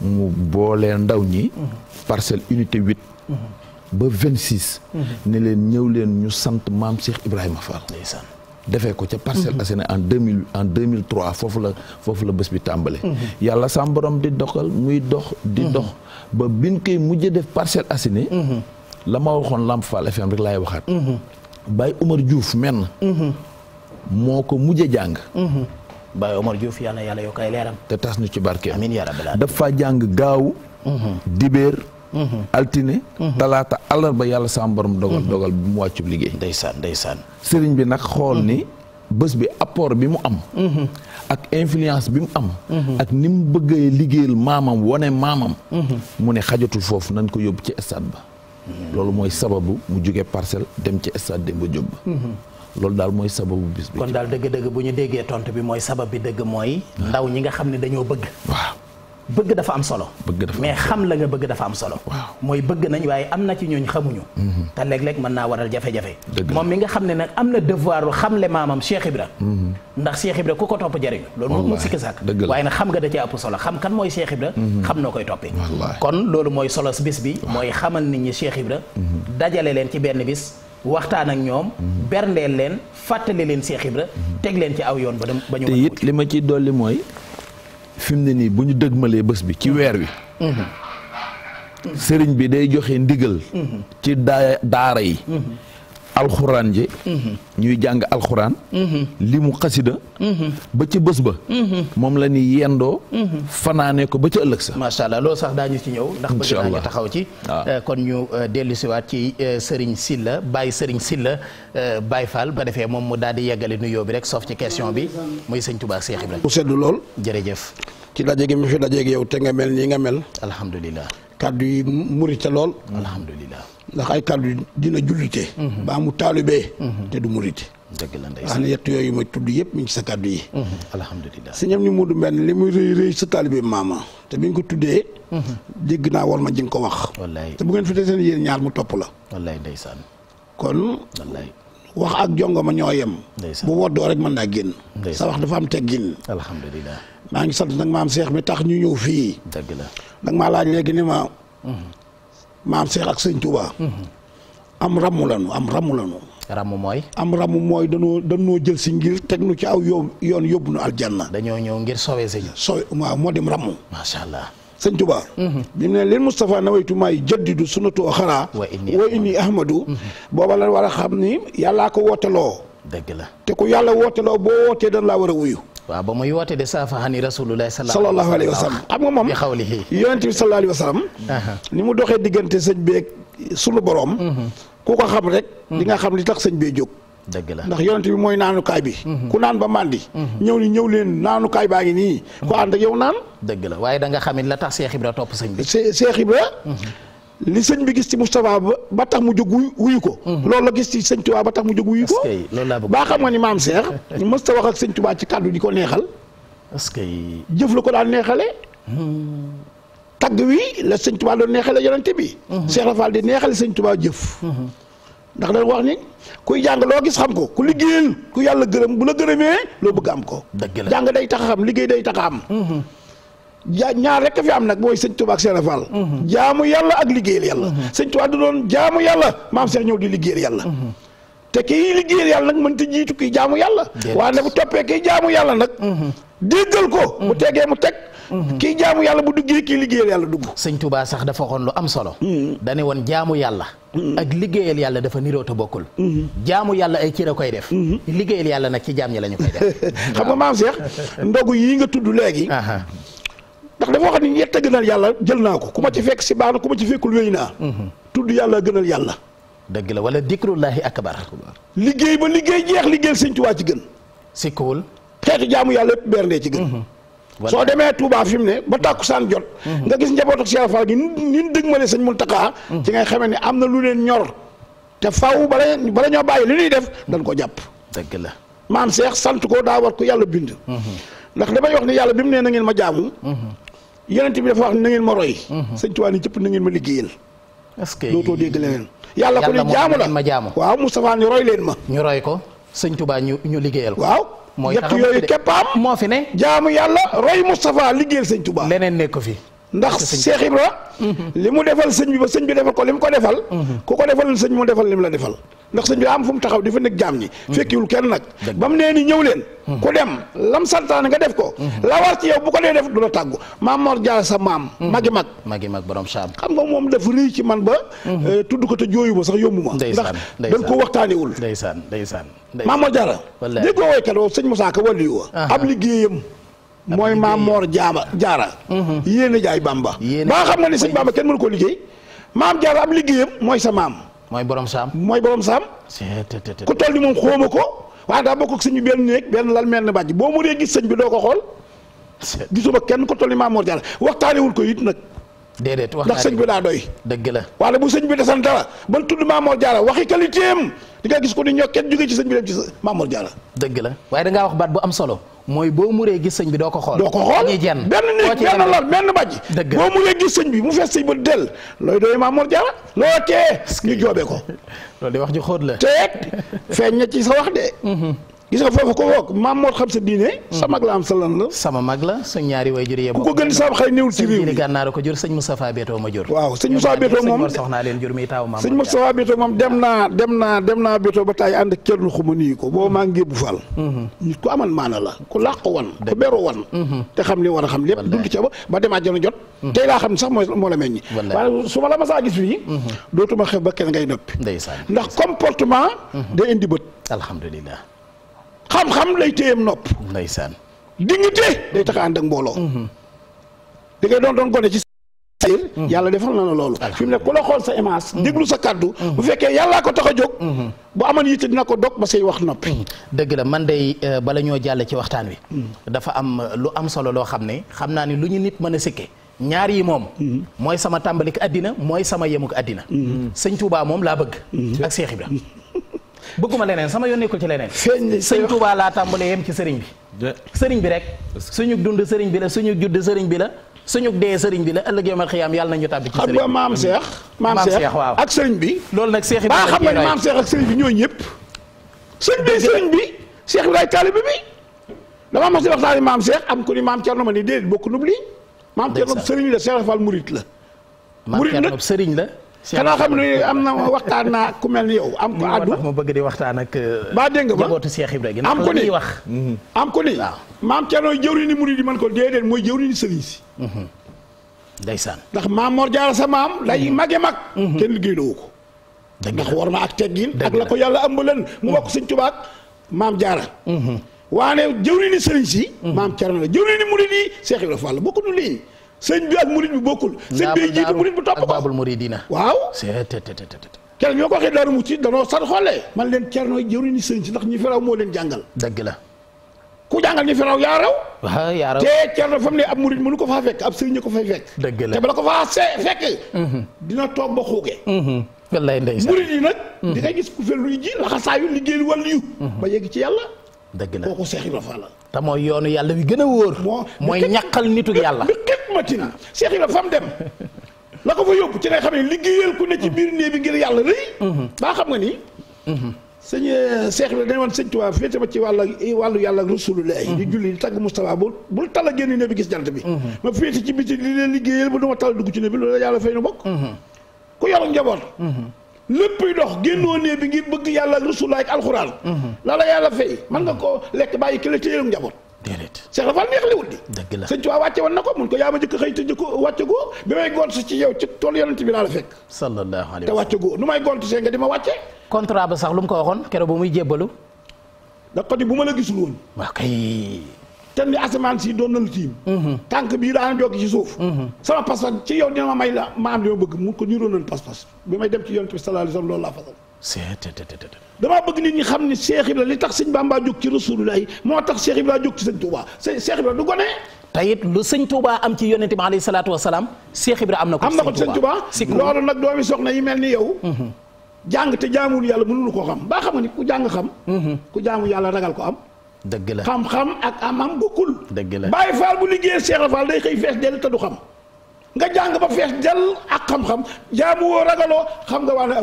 mu boolee ndaw ñi parcelle unité huit ba vingt six ne leen ñëw leen ñu sant maam Cheikh Ibrahima Fall defee ko ca Parcelles Assainies en deux mille en deux trois foofu la foofu la bés bi tàmbale yàlla sam borom di doxal muy dox di dox ba biñ koy mujjee def Parcelles Assainies la ma waxoon Lamp Fall FM rek laay waxaat Baye Omar Diouf menn mhm. moo ko mujje jàng mhm. Baye Omar Diouf yàlla yàlla yoo koy leeram te tas ñu ci barke dafa jàng gaaw mhm. dibéer altine talaata àllarba yàlla sa borom dogal dogal bi mu wàccub liggéey sëriñ bi nag xool ni bés bi apport bi mu am ak influence bi mu am ak ni mu bëggee liggéeyal maamam wane maamam mu ne xajatul foofu nañ ko yóbbu ci stade ba loolu mooy sababu mu jógee parcelle dem ci stade Demba Diop. Mhm. loolu daal mooy sababu bis bi. kon daal dëgg-dëgg bu ñu déggee tontu bi mooy sabab bi dëgg mooy. ndaw ñi nga xam ne dañoo bëgg. bëgg dafa am solo. mais xam la nga bëgg dafa am solo. mooy bëgg nañ waaye am na ci ñooñ xamuñu. Mhm. te léeg-léeg mën naa waral jafe-jafe. moom mi nga xam ne nag am na devoiru xamle maamam Cheikh Ibra. Mhm. ndax Cheikh Ibra ku ko topp jëriñu. loolu moom mu sikki sàkk waaye nag xam nga da cee ëpp solo xam kan mooy Cheikh Ibra. Mhm. xam noo koy toppee. kon loolu mooy solo bis bi. mooy xamal nit ñi Cheikh Ibra. dajale leen ci benn bis. waxtaan ak ñoom. berndeel leen fàttali leen Cheikh Ibra. teg leen ci aw yoon ba dem ba ñu. te li ma ciy dolli mooy fi ne nii bu ñu dëgmalee bés bi ci weer wi. Mm-hmm. sëriñ bi day joxe ndigal. Mm-hmm. ci daara yi. Mm-hmm. alxuraan ji mm-hmm. ñuy jàng alxuraan mm-hmm. li mu xasida mm-hmm. ba ci bës ba moom la ñuy yendoo fanaanee ko ba ca ëllëg sax macha allah loolu sax daañu ci ñëw ndax bëgg naa ñu taxaw ci ah. eh, kon ñu eh, dellu siwaat ci eh, Serigne Sylla Baye Serigne Sylla Baye faal ba defee moom mu daal yeggale nuyoo bi rek soof ci question bi muy sëñ Touba Cheikh Ibrahima bu sedd lool jërëjëf ci daje gi mu fi dajeeg yow te nga mel nii nga mel alhamdulilah kàddu yi ca lool alhamdulilah ndax ay kàddu dina jullite. Mhm. baa mu taalibee. Mhm. te du murite. dëgg la ndeysaan ne yooyu ma tudd yëpp mi sa kàddu yi. Mhm. alhamdulilah si ñoom ñu li muy rëy rëy sa taalibe maama tuddee. dégg naa war ma ji nga ko wax. wallaay te bu ngeen fi desee ñaar mu topp la. wallaay ndeysaan. kon. wallaay wax ak jongo ma ñoo yem. bu woddoo rek mën naa génn. sa wax dafa am teggin. alhamdulilah maa ngi sant nag maam Cheikh mi tax ñu ñëw fii. dëgg la nag maa laaj léegi ni ma. maam Cheikh ak sëñ Touba. am ramu lanu am ramu lanu ramu mooy. am ramu mooy danoo danoo jël si ngir teg nu ci aw yoon yoon yóbbu nu aljanna. dañoo ñëw ngir sowe sëñ. sowe waaw moo dem ramu. macha allah sëñ Touba. Mhm. bi mu ne leen Moustapha nawaytu maay jaddidu sunnatu xaraa. wa inni ahmadu mhm. booba la war a xam ni yàllaa ko wooteloo. dëgg la te ku yàlla woote loo boo wootee dañ laa war a wuyu. waaw ba muy woote de saafaxani rasulullah sallallahu alayhi wa sallam xam nga moom yonent bi sallallahu alayhi wa sallam ni mu doxee diggante sëñ beeg sunu boroom mhm. ku ko xam rek di nga xam li tax sëñ bee jóg dëgg la ndax yonent bi mooy naanukaay bi mhm. ku naan ba màndi mhm. ñëw ni ñëw leen naanukaay baa ngi nii ko ànd ak yow naan dëgg la waaye da nga xam it la tax Cheikh Ibra topp sëñ bi Cheikh Ibra li sëñ bi gis ci Moustapha ba tax mu jóg wuyu ko. Hmm. loolu la gis ci sëñ Touba ba tax mu jóg wuyu ko. baa xam nga ni maam [LAUGHS] Cheikh. mës ta wax ak sëñ Touba ci kàddu di ko neexal. est que jëf la ko daan neexale hmm. tagg wi la sëñ Touba doon neexale yonente bi. Hmm. Cheikh Rafal di neexale sëñ Touba jëf. ndax dañ wax ni kuy jàng loo gis xam ko ku liggéeyal ku yàlla gërëm bu la gërëmee loo bëgg am ko. dëgg la jàng day tax a xam liggéey day tax a am. jaa ñaar rek fi am nag mooy sëñ Tuubaa ak Seex Ibra Faal mhm. jaamu yàlla ak liggéeyal yàlla mhm. sëñ Tuubaa du doon jaamu yàlla maam Seex ñëw di liggéeyal yàlla mhm. te kii liggéeyal yàlla nag mënta jiitu kii jaamu yàlla waaye bu toppee kii jaamu yàlla nag déggal ko bu tegee mu teg kii jaamu yàlla bu duggee kii liggéeyal yàlla dugg sëñ Tuubaa sax dafa waxoon lu am solo dane woon jaamu yàlla ak liggéeyal yàlla dafa niroo bokkul jaamu yàlla ay cër a koy def liggéeyal yàlla nag ci jaam ñi la koy def [LAUGHS] xam nga maam Seex [LAUGHS] ndogu yii nga tudd léegi ndax dafa wax ni yett a gënal yàlla jël naa ko ku ma ci fekk si baax na ku ma ci fekkul wéy naa. Mhm. tudd yàlla gënal yàlla. dëgg la wala dikrullahi akbar. liggéey ba liggéey jeex liggéeyal sëñ Tuubaa ci gën. si kóol. xeetu jaamu yàlla yëpp berndee ci gën. Mhm. soo demee Touba fi mu ne ba tàkkusaan jot. Mhm. nga gis njabootu ak Cheikh Fall gi ni ñu dëgmale sëñ Mountakha. ci ngay xamee ne am na lu leen ñor. te faw bala bala ñoo bàyyi li ñuy def dañ ko jàpp. dëgg la maam yonent bi dafa wax na ngeen ma roy. Mhm. sëñ Tuubaa ni jëpp na ngeen ma liggéeyal. est-ce que yàlla ko ni jaamu la ma jaamu. waaw Moustapha ñu roy leen ma. ñu roy ko sëñ ñu ñu liggéeyal ko. waaw mooy taxaw yooyu képp am moo fi ne. jaamu yàlla roy Moustapha liggéeyal sëñ Tuubaa leneen nekk ko fi. ndax Cheikh Ibra li mu defal sëñ bi ba sëñ bi defal ko li mu ko defal mhm. ku ko defalul sëñ mu defal li mu la defal ndax sëñ bi am fu mu taxaw di fa nekk jaam ñi mhm. fekkiwul kenn nag ba mu nee ni ñëw leen mhm. ku dem lam santaane nga def ko la war ci yow bu ko dee def du la tàggu maam Mor Jaara sa maam magi mag magi mag borom saam xam nga moom dafa rëy ci man ba euh, tudd ko te jooyu ma sax yombu ma ndax dañ ko waxtaanewul ndeysaan ndeysaan maam Mor Jaara déggoo woykat woow sëñ Musaa Ka wàllu yu wa ab liggéeyam mooy maam Mor jaama Jaara mhm. yéen a jaay Bamba ba xam nga ni sëñ Bamba kenn mënu ko liggéey maam Jaara am liggéeyam mooy sa maam mooy borom saam mooy borom saam ku toll ni moom xóoma ko waaye daa bokk ak sëñ bi benn néeg benn lal mel ne bàjj boo mu dee gis sañ bi doo ko xool gisuma kenn ku toll ni maam Mor Jaara waxtaanewul ko it nag déedéet wax ndax sëñ bi daa doy. dëgg la waaye bu sëñ bi desante ba ban tudd Maamoor Jaara waxi qualité am di nga gis ko ni ñoo kenn jógee ci sëñ bi dem ci Maamoor Jaara. dëgg la da ngaa wax baat bu solo mooy boo muree gis sëñ bi doo ko xool. doo ko xool benn nit benn lor benn bàjj. dëgg la boo muree gis sëñ bi mu fees sëñ ba del looy doy Maamoor Jaara loo tee ñu joobee ko. loolu di wax ju xóot la. teeg feeñ na ci sa wax de. Mhm. gis nga foofu ko wokk maam moo xam sa diine. Hmm. sa mag la am sa lan la. sama mag la suñ ñaari way jur yee ku ko gën saam xëy néewul ci réew mi gànnaar ko jur sëñ Moustapha Beto ma jur. waaw sëñ Moustapha Beto moom soxnaa leen jur mi taaw maam sëñ Moustapha Beto moom dem naa dem naa dem naa Beto ba tay ànd ak kenn xuma nuyu ko booba maa ngi bu fal hmm. nit hmm. a la su ma la masaa gis fii dootuma xef ba kenn ngay noppi ndax comportement day indi bët alhamdulillah xam-xam lay téyeem nopp. ndeysaan dignité day tax a ànd mbooloo. Mm-hmm. da ngay doon doon gone ci mm-hmm. yàlla defal na la loolu fi mu ne ku la xool sa image mm-hmm. déglu sa kàddu bu fekkee yàllaa ko tax a jóg bu amoon yitte dina ko dog ba say wax noppi dëgg la man day euh, bala ñoo jàll ci waxtaan wi dafa am euh, lu am solo loo xam ne xam naa ni lu ñu nit mën a sikke ñaar yi moom mooy sama tàmbalik àddina mooy sama yemuk àddina sëñ Tuubaa moom laa bëgg ak Seex Ibra bëgguma leneen sama yoon nekkul ci leneen sëñ Touba laa tàmbalee yem ci sëriñ bi sëriñ bi rek suñu dund sëriñ bi la suñu judd sëriñ bi la suñu dee sëriñ bi la ëllëg yomal xiyaam yàlla nañu tàbbi ci sëriñ bi xam nga sëriñ bi loolu nag Cheikh xam nga maam Cheikh ak bi ñooñu ñëpp sëriñ bi sëriñ bi Cheikh Ibrahima taalibe bi dama mas maam Cheikh am ko ni maam Thierno ma ni déedéet bokk nub lii maam Thierno sëriñ la Cheikh Fall murit la murit la sëriñ la xanaa xam ne am na waxtaan naa ku mel ni yow am ko addu ma bëgg di waxtaan ak euh, baa dégg nga jabootu Cheikh Ibrahima am ko ni wax mm-hmm. am ko ni waaw maam Thierno jëwri man ko déedéet mooy jëwri ni sëriñ si mm-hmm. ndeysaan ndax maam Mor Jaara sa maam lay mm-hmm. mage mag kenn liggéeyloo ko ndax war ma ak teggin ak la ko yàlla ëmbalan mu bokk sëñ Tuubaa maam Jaara waane jëwri sëriñ si maam Thierno la jëwri ni murid yi Cheikh Ibrahima Fall bokku nu léegi sëñ bi ak murid bi bokkul. sëñ bi jiitu murid bu topp ko baabul muridina waaw. kenn ñoo ko waxee mu ci danoo sar xoolee. man leen Thierno jëruñu sëñ si ndax ñi fi moo leen jàngal. dëgg la. ku jàngal ñi fi raw yaa raw. waaw yaa raw te Thierno fa mu ne ab murid mënu ko faa fekk ab sëñ ñu ko fay fekk. dëgg la te bala ko faa see fekk. Mhm. dina toog ba xuuge. Mhm. wallaay yi nag. di mhm. nga gis ku fel luy ji laxasaayu liggéey wàllu yu. ba yegg ci yàlla dëgg la kooku Cheikh Ibra Fall la. te mooy yoonu yàlla wi gën a wóor. mooy ñàkkal nituk yàlla. bi képp matin Cheikh Ibra fam dem. la ko fa yóbbu ci ngay xam ne liggéeyal ku ne ci biir néeg bi ngir yàlla rëy. Mhm. baa xam nga ni. Mhm. sëñ euh, Cheikh Ibra dañu woon sëñ Tuubaa féete ma ci wàllu wàllu yàlla ak rasulullah mhm. di julli di tagg Moustapha bul bul tal a génn néeg bi gis jant bi. ma féete ci biti li leen liggéeyal ba du ma tal dugg ci néeg bi loolu yàlla fay nu bokk. ku yor njaboot. léppay dox génnoo nee bi ngir bëgg yàlla rasulaay ak alxuraan. Mhm. la la yàlla fay mën nga koo lekk bàyyi kële téye njaboot. déedéet Cheikh Rafal neex la sëñ na ko mun ko yaa ma jëkk xëy te jëkko wàcce goo bi may gont si ci yow ci tool yonent bi laa la fekk. sallallahu te wàcce goo nu may gont see nga di ma wàcce. contrat sax lu mu ko waxoon keroog bu muy jébbalu. da ko di bu ma la gisul woon. waaw kay. Mhm. Mhm. wa sallam loolu laa fasal. damaa bëgg nit ñi xam ni Cheikh Ibra li tax sëñ Bamba jóg ci Rasulullah moo tax Cheikh Ibra jóg ci sëñ Touba Cheikh Ibra du gone. tayit lu sëñ Touba am ci yonent bi alayhi salaatu wa salaam Cheikh Ibra am na ko. am na ko sëñ Touba loolu nag doomi soxna yi mel ni yow. Mhm. jàng te jaamul yàlla mënuñu koo xam baa xam ni ku jàng xam. ku jaamu yàlla ragal ko am. dëgg la xam-xam ak am-am bokkul. dëgg la Baye Fall bu liggéeyee Cheikh Ibra Fall day xëy fees dell te du xam nga jàng ba fees dell ak xam-xam jaamu ragaloo xam nga waa ne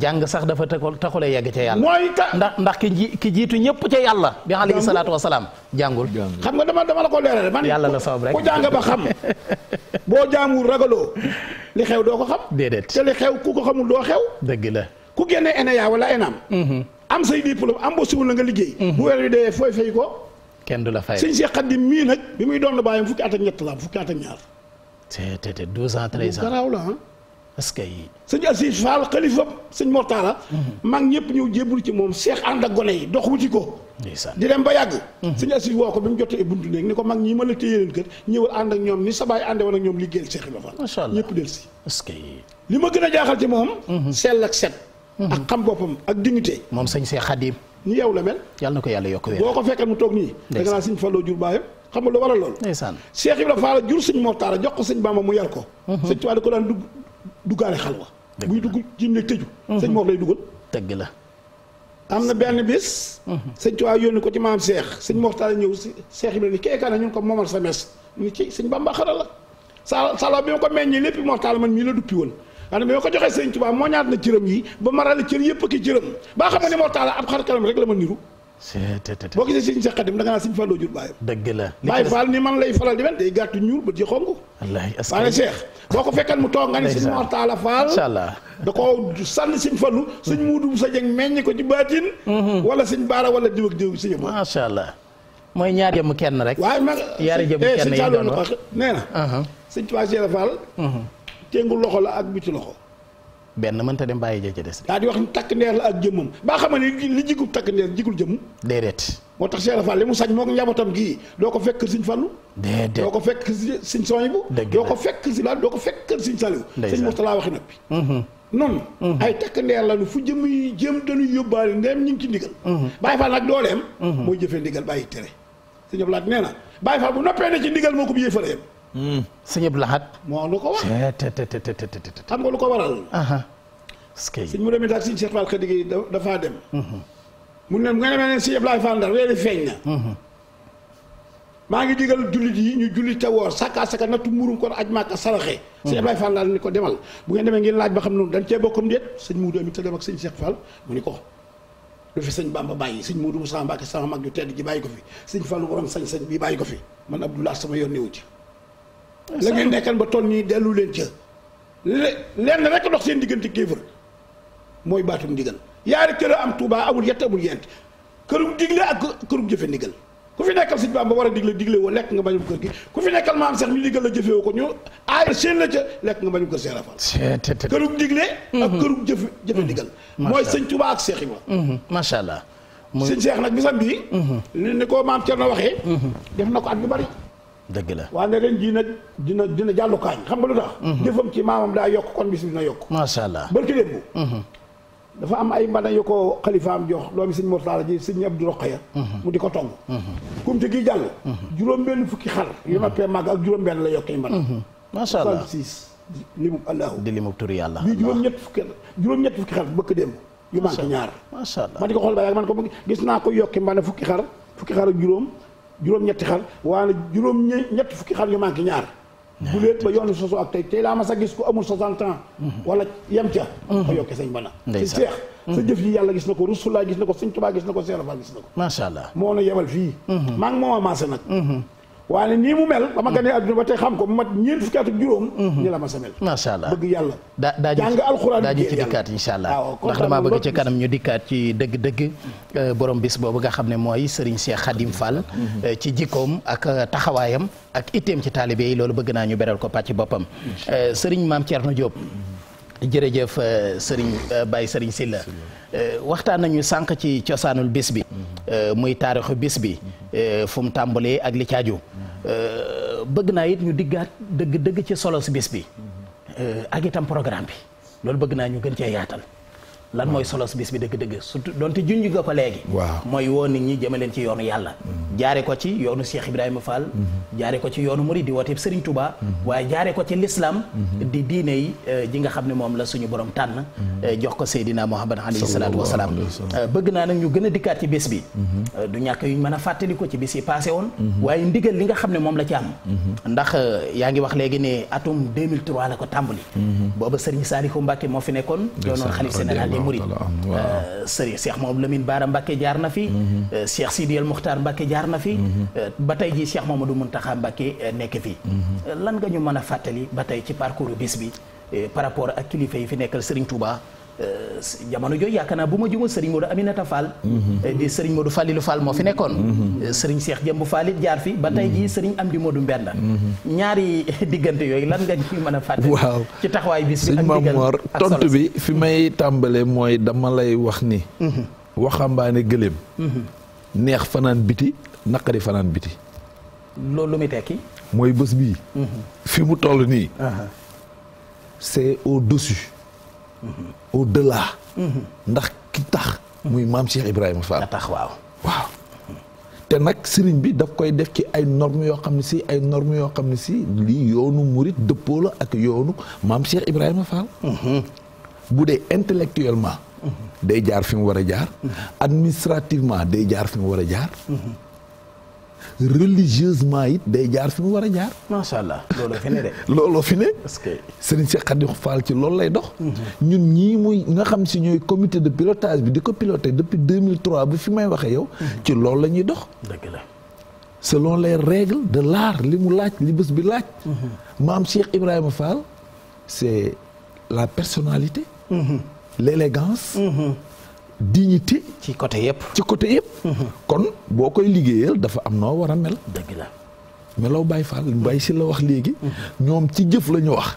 jàng sax dafa taxul taxulee yegg ca yàlla. mooy ndax ndax ki ji ki jiitu ñëpp ca yàlla. bi alayhi salaatu wa salaam jàngul. xam nga dama la ko leeral man. yàlla la soob rek ku jàng [LAUGHS] boo jaamuwul ragaloo li xew doo ko xam. déedéet te li xew ku ko xamul doo xew. dëgg la ku génnee ENEA wala ENAM. Mm-hmm. am say diplôme embauché wu la nga liggéey. Mhm. bu weer wi dee fooy fay ko. kenn du la fay sëñ Cheikh Khadim mii nag bi muy doon bàyyam fukki at ak ñett la am fukki at ak ñaar. te te te douze ans treize ans garaaw la ah. parce que yi sëñ Assis Fall xalifam sëñ Mortala. Mhm. mag ñëpp ñëw jébul ci moom seex ànd ak gone yi dox wuti ko. di dem ba yàgg. Mhm. sëñ Assis woo ko bi mu jotee buntu néeg ni ko mag ñi mën a téye leen kër ñëwal ànd ak ñoom ni sa baay ànde woon ak ñoom liggéeyal Cheikh Ibrahima Fall. macha allah ñëpp del si. parce que li ma gën a jaaxal ci moom. sell ak set. ak xam boppam ak dignité. moom sëñ Seex Xaadim. ni yow la mel. yàlla na ko yàlla yokk wér. boo ko fekkee mu toog nii. da nga naan sëñ Fallou jur baayam xam nga lu waral loolu. ndeysaan Seex Ibra Faal jur sëñ Mortaala jox ko sëñ Bamba mu yar ko. Mhm. sëñ Tuubaa da ko daan dugg duggaale xalwa. buy dugg ci néeg tëju. Mhm. sëñ Mor lay dugal. dëgg la. am na benn bis. Mhm. sëñ Tuubaa yónni ko ci maam Seex sëñ Mortaala ñëw si Seex Ibra ni kee kaan ñun ko moomal sa mes ni ci sëñ ba xara la. sa salo bi ma ko meññee man mii la duppi woon maanaam yoo ko joxee Sëriñ Tuubaa moo ñaat da nga naan Sëriñ Fallou jur la Baay Fall ni man boo ko fekkal mu toog nga ni Sëriñ Mor Talla Fall da ko sànni Sëriñ Fallou Sëriñ sa jëng meññ mm-hmm. wala Sëriñ Baara wala diw ak diw Sëriñ ma jëm kenn rek waaye mag ñaar jëm eh, kenn yi doon wax nee na uh-huh. Sëriñ Tuubaa Fall mm-hmm. tengu loxo la ak biti loxo. benn mënta dem bàyyi jëcc des. daa di wax takk ndeer la ak jëmmam baa xam ne li jigub takk ndeer jigul jëmm. déedéet. moo tax Cheikh Fall li mu sañ moo ko njabootam gii doo ko fekk Sëñ Fallu. déedéet doo ko la nu mm-hmm. mm-hmm. fu jëm yi jëm dañuy yóbbaale ndeem ñu ngi ci ndigal. Mm-hmm. Baay Fall nag dooleem. mooy jëfee ndigal bàyyi tere. Sëñ Ablaat nee na Baay Fall bu noppee ne ci ndigal moo ko bi yëfaleem Hmm. sëñ Abdou Lahad. moo lu ko wax eh, te te te te te xam nga lu ko waral. est-ce que sëñ mu demee daal sëñ Cheikh Fall Khady dafaa dem. Hmm. mu ne nga demee ne sëñ Abdoulaye Fall Ndar weeri feeñ na. Hmm. maa ngi digal jullit yi ñu jullit te woor saka saka nattu murum kon aj maaka saraxe sëñ Abdoulaye Fall daal ni ko demal bu ngeen demee ngeen laaj ba xam noonu dañ cee bokkum déet sëñ Muudu amit te dem ak sëñ Cheikh Fall mu ni ko lu fi sëñ Bamba bàyyi sëñ Muudu Moussa Mbacke sama mag ñu tedd ji bàyyi ko fi sëñ Fallu borom sañ-sañ bi bàyyi ko fi man Abdoulaye sama yoon newu ci la ngeen nekkan ba toll nii dellu leen ca lenn rek dox seen diggante kéefër mooy baatum ndigal yaari kër am Touba amul yett amul yent kërum digle ak kërum jëfe ndigal ku fi nekkal sëñ Bamba war a digle digle woo lekk nga bañum kër gi ku fi nekkal maam sax ñu digal la jëfee ko ñu aay seen la ca lekk nga bañum kër Seex Rafal kërum digle mm-hmm. ak kërum jëfe jëfe mm-hmm. ndigal mooy sëñ Touba ak Seex Ibra mm-hmm. macha allah sëñ Seex nag bisam bii li ni koo maam Cerno waxee def na ko at bu bari dëgg la waaye ne ren jii nag dina dina jàllu kaañ xam nga lu tax. Mhm. jëfam ci maamam daa yokk kon bis bi dina yokk. macha allah barki démb. Mhm. dafa am ay mbana yu ko xalifaam jox doomi sëñ Mortala ji sëñ Abdou mhm. di ko tong jàll juróom-benn fukki xar yu noppee màgg ak la yokkee mbana macha allah 66 limub allahu di limub turi yàlla bii ñett fukki juróom-ñett fukki xar bëkk démb ma di ko xool ba yàgg man ko gis naa ko yokki mbana fukki xar fukki xar ak juróom juróom-ñetti xar waaye nag juróom-ñetti fukki xar yu manqué ñaar. bu leet ba yoonu soso ak tey tey laa mas a gis ku amul 60 ans. Mhm. wala yem ca. ko mhm. yokkee sëñ Bana. si seex. Mhm. sa jëf yi yàlla gis na ko Rasulullah gis na ko sëñ Tuubaa gis na ko Seex Ibra gis na ko. macha allah moo nu yebal fii. maa ngi moom a maase nag. waaye nii mu mel. ba ma mm. gënee adduna ba tey xam ko mu mat ñeent fukki at ak juróom. Mm-hmm. ni la ma sa mel. macha allah bëgg yàlla. daa daa jàng alxuraan daañu ci dikkaat allah ndax damaa bëgg ci kanam ñu dikkaat ci dëgg-dëgg. Mm. Euh, borom bis boobu nga xam ne mooy Serigne Cheikh Khadim Fall. Mm-hmm. Euh, ci jikkoom ak euh, taxawaayam ak itteem ci taalibe yi loolu bëgg naa ñu beral ko pàcc boppam. Serigne Maam Thierno Diop. Mm-hmm. jërëjëf Serigne Baye Serigne Sylla waxtaan nañu sànq ci cosaanul bis bi. muy taarixu bis bi. Euh, fu mu tàmbalee ak li caaju euh, bëgg naa it ñu diggaat dëgg dëgg ci solo si bis bi euh, ak itam programme bi loolu bëgg naa ñu gën cee yaatal lan mooy solos bis bi dëgg-dëgg surtout donte junj nga ko léegi. waaw mooy woo nit ñi jëme leen ci yoonu yàlla. Mm-hmm. jaare ko ci yoonu Cheikh Ibrahima faal mm-hmm. jaare ko ci yoonu Mouride di woote Serigne Touba. Mm-hmm. waaye jaare ko ci l'islam. di diine yi euh, ji nga xam ne moom la suñu borom tànn. Euh, jox ko Seydina Muhammad alayhi salaatu wa salaam. Euh, bëgg naa nag ñu gën a dikkaat ci bis bi. du ñàkk yuñ mën a fàttali ko ci bis yi passé woon. waaye ndigal li nga xam ne moom la ci am. ndax yaa ngi wax léegi ne atum 2003 la ko tàmbali. booba Serigne Saliou Mbacké moo fi nekkoon. murid euh, sëriñ Cheikh Mamadou Lamine Bara Mbacke jaar na fi mhm. euh, Cheikh Sidi El Mokhtar Mbacke jaar na fi mhm. euh, ba tey jii Cheikh Mamadou Mountakha Mbacke nekk fi mhm. lan nga ñu mën a fàttali ba tey ci parcours bis bi par rapport ak kilifa yi fi nekkal Serigne Touba Euh, jamono jooju yaakaar naa bu ma jumul sëriñ Modou Aminata Fall. di mhm. euh, sëriñ Modou Fallilu Fall moo fi nekkoon. Mhm. Euh, sëriñ Cheikh Jëmb Fall it jaar fi. ba tey jii mhm. sëriñ Amdi Modou Mbenda. ñaari [LAUGHS] diggante yooyu lan nga ci mën a fàtte. waaw ci taxawaay bis bi ak diggante Mor tontu bi fi may tàmbalee mooy dama lay wax ni. waxambaane gëléem. neex fanaan biti naqari fanaan biti. loolu lu muy tekki. mooy bés bii. fi mu toll nii. c'est au-dessus. au delà. Mhm. ndax ki tax. muy maam Cheikh Ibrahima Fall. tax waaw waaw. te nag sëriñ bi daf koy def ci ay normes yoo xam ne si ay normes yoo xam ne si li yoonu murit dëppoo la ak yoonu maam Cheikh Ibrahima Fall. Mhm. bu dee intellectuellement. Mhm. day jaar fi mu war a jaar. administrativement day jaar fi mu war a jaar. religieusement it day jaar fi mu war a jaar. macha allah looloo fi ne de. [LAUGHS] looloo fi ne. parce que Serigne Cheikh Khady Fall ci loolu lay dox. ñun ñii muy nga xam si ñooy comité de pilotage bi di ko piloté depuis 2003 bu fi may waxee yow. ci loolu la ñuy dox. dëgg la. selon les règles de l'art li mu laaj li bés bi laaj. Mhm. maam Cheikh Ibrahima Fall c'est la personalité mhm. l'élégance. Mhm. dignité ci côté yëpp ci côté yëpp mhm. kon boo koy liggéeyal dafa am noo war a mel dëgg la melaw Baye Fall si la wax léegi mhm. ñoom ci jëf la ñu wax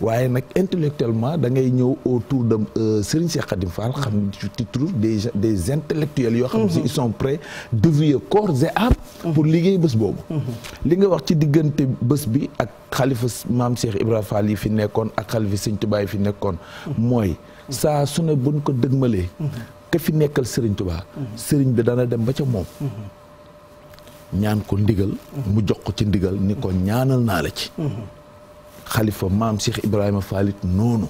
waaye nag intellectuellement da ngay ñëw autour de euh, Serigne Cheikh Khadim Fall xam mhm. tu trouves des des intellectuels yoo xam si ils sont prêts dévouer corps et pour liggéey bés boobu li nga wax ci diggante bés bi ak xalifa maam Cheikh Ibrahima Fall yi fi nekkoon ak xalifa Sëñ Tuubaa fi nekkoon mooy saa su ne buñ ko dëgmalee. Mhm. ka fi nekkal sëriñ Tuubaa mhm. sëriñ bi dana dem ba ca moom. Mhm. ñaan ko ndigal mu jox ko ci ndigal ni ko ñaanal naa la ci xalifa maam Cheikh Ibrahima Falit noonu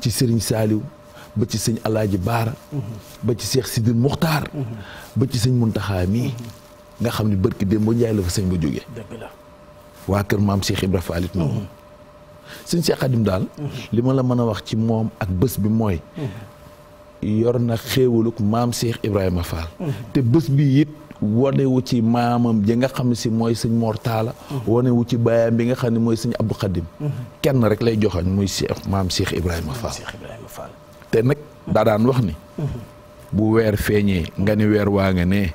ci sëriñ Saaliw ba ci sëñ Alaaji Baara ba ci Cheikh Sidil Muxtaar ba ci sëñ Muntaxaa mii nga xam ni bërki démb ba njaay la fa sëñ ba jógee waa kër maam Cheikh Ibrahima Falit noonu sëñ Cheikh Khadim daal. li ma la mën a wax ci moom ak bës bi mooy. yor na xéewaluk maam Cheikh Ibrahima Fall. te bés bi it wanewu ci maamam ji nga xam ne si mooy sëñ Mortala. wanewu ci baayam bi nga xam ne mooy sëñ Abdou Khadim. kenn rek lay joxañ muy Cheikh maam Cheikh Ibrahima Fall. te nag daa daan wax ni. bu weer feeñee nga ni weer waa nga nee.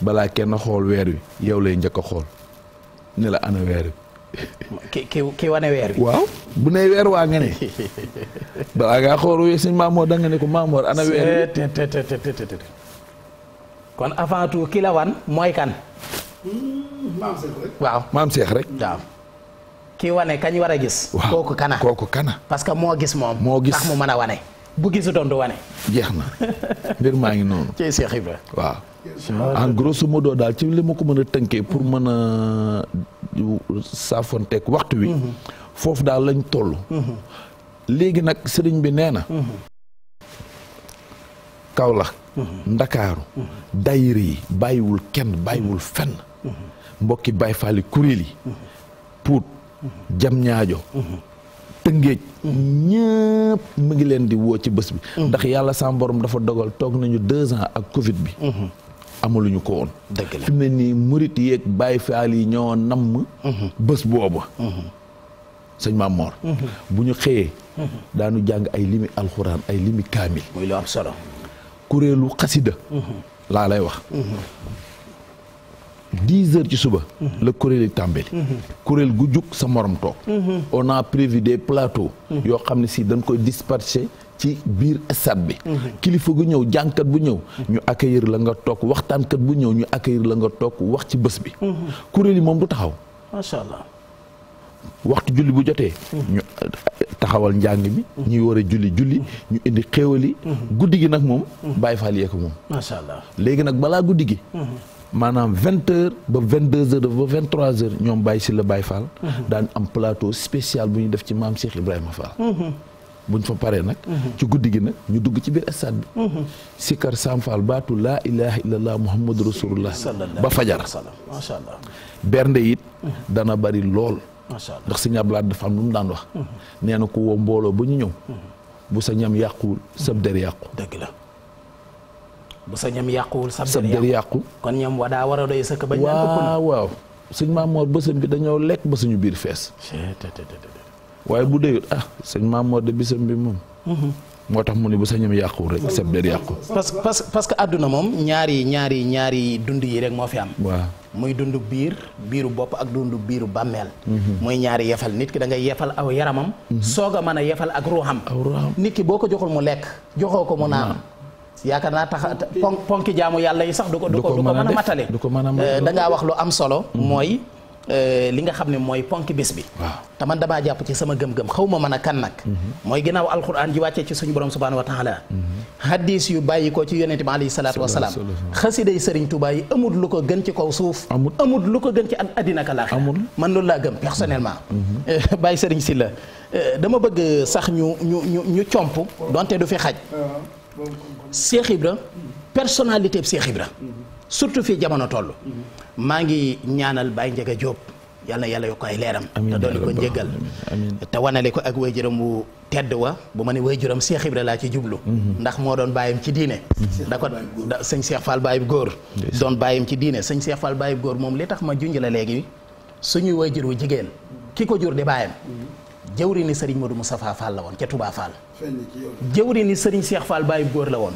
balaa kenn xool weer wi yow lay njëkk xool ni la ana weer wi. ki ki wane weer wi. waaw bu ne weer waa nga ne balaa ngaa xool wu si Maamoor da nga ne ko Maamoor ana weer wi. kon avant tout ki la wan mooy kan. Hmm, maam Seex rek. waaw maam Seex rek. waaw wane kañ war a gis. waaw kooku kana kooku kana. parce que moo gis moom. moo gis tax mu mën a wane. bu gisutoon du wane. jeex na mbir maa ngi noonu. [LAUGHS] waaw. en grosso modo daal ci li ma ko mën a tënkee pour mën a saafonteeg waxtu wi. Mhm. foofu daal lañ toll. Mhm. léegi nag sëriñ bi nee na. Mhm. Kaolack. Ndakaaru. dayre yi bàyyiwul kenn bàyyiwul fenn. mbokki Baay Faal yi kuréel yi. Pout. tëngéej ñëpp mu ngi leen di woo ci bés bi. ndax yàlla sa borom dafa dogal toog nañu deux ans ak Covid bi. amaluñu ko woon. dëgg la fi mu ne nii murit yeeg Baay Faal yi ñoo namm. Mhm. bés booba. Mhm. sëñ Maam Mor. Mhm. bu ñu xëyee. daanu jàng ay limi alxuraan ay limi kaamil. muy lu am solo. kuréelu xasida. laa lay wax. dix heures ci suba. la kuréel yi tàmbali. kuréel gu jug sa morom toog. on a prévu yoo xam ne si dañ koy dispatché. ci biir stade bi. Mhm. kilifa gu ñëw jàngkat bu ñëw. ñu accueillir la nga toog waxtaankat bu ñëw ñu accueillir la nga toog wax ci bës bi. Mhm. kuréel yi moom du taxaw. macha allah. waxtu julli bu jotee. Mhm. ñu eh, taxawal njàng bi ñuy war julli julli. ñu indi xéewal yi. guddi gi nag moom. bàyyi faal yee ko moom. macha allah léegi nag balaa guddi gi. maanaam vingt heures ba vingt deux heures ba vingt trois heures ñoom bàyyi si la bàyyi faal. daan am plateau spécial bu ñu def ci maam Cheikh Ibrahima Fall. buñ fa paree nag. ci guddi gi nag ñu dugg ci biir stade bi. Mhm. Sikar Samfal baatu laa ilaha illallah muhammadu rasulullah ba fajar macha allah. bernde it mhm. dana bari lool. macha allah ndax sëñ Ablaye dafa am lu mu daan wax. Mhm. nee na ku mbooloo ba ñu ñëw. bu sa ñam yàquwul sab der yàqu. dëgg la sa ñam yàquwul sab kon ñam daa war a doy sëkk ba. waaw waaw sëñ Maam Mor bi dañoo lekk ba suñu biir fees. waaye bu déyut ah sëñ maam moo de bisam bi moom mhm. moo tax mu ni bu sañam yàquwul rek sab der yàqu parce que parce que àdduna moom ñaari ñaari ñaari dund yi rek moo fi am waaw muy dund biir biiru bopp ak dund biiru bàmmeel mhm. mooy ñaari yefal nit ki da ngay yefal aw yaramam mhm. soog a mën a yefal ak ruuxam nit ki boo ko joxul mu lekk joxoo ko mu naan yaakaar naa tax ponki jaamu yàlla yi sax du ko du ko mën a matale du ko mën a eh, da ngaa wax lu am solo mooy Euh, li nga xam ne mooy ponk bés bi te man damaa jàpp ci sama gëm-gëm xaw ma mën a kan nag mhm. mooy ginnaaw alquran ji wàccee ci suñu borom subhanahu wa taala mhm. hadis yu bàyyi ko ci yonente bi alayhi salaatu wasalaam xasiday sëriñ Tuubaa yi amul lu ko gën ci kaw suuf amul lu ko gën ci ak addina ka laax man loolu laa gëm personnellement mhm. [LAUGHS] bàyyi sëriñ si la euh, dama bëgg sax ñu ñu ñu ñu comp donte du fi xaj ah, Cheikh Ibra personnalité bi Cheikh Ibra surtout fii jamono toll. maa ngi ñaanal baay Ndiaga Diop yàlla yàlla yokk ay leeram. te doon ko njëggal te wanale ko ak waajuram wu tedd wa bu ma ne waajuram Cheikh Ibra laa ci jublu. Mhm. ndax moo doon bàyyam ci diine. Mhm. da ko da góor. doon bàyyam ci diine sëñ Cheikh Fall góor moom li tax ma junj la léegi suñuy waajur wu jigéen ki ko jur di bàyyam. Mhm. jëwri ni sëriñ Modou Moustapha Fall la woon ca Touba Fall. jëwri ni sëriñ Cheikh Fall bàyyib góor la woon.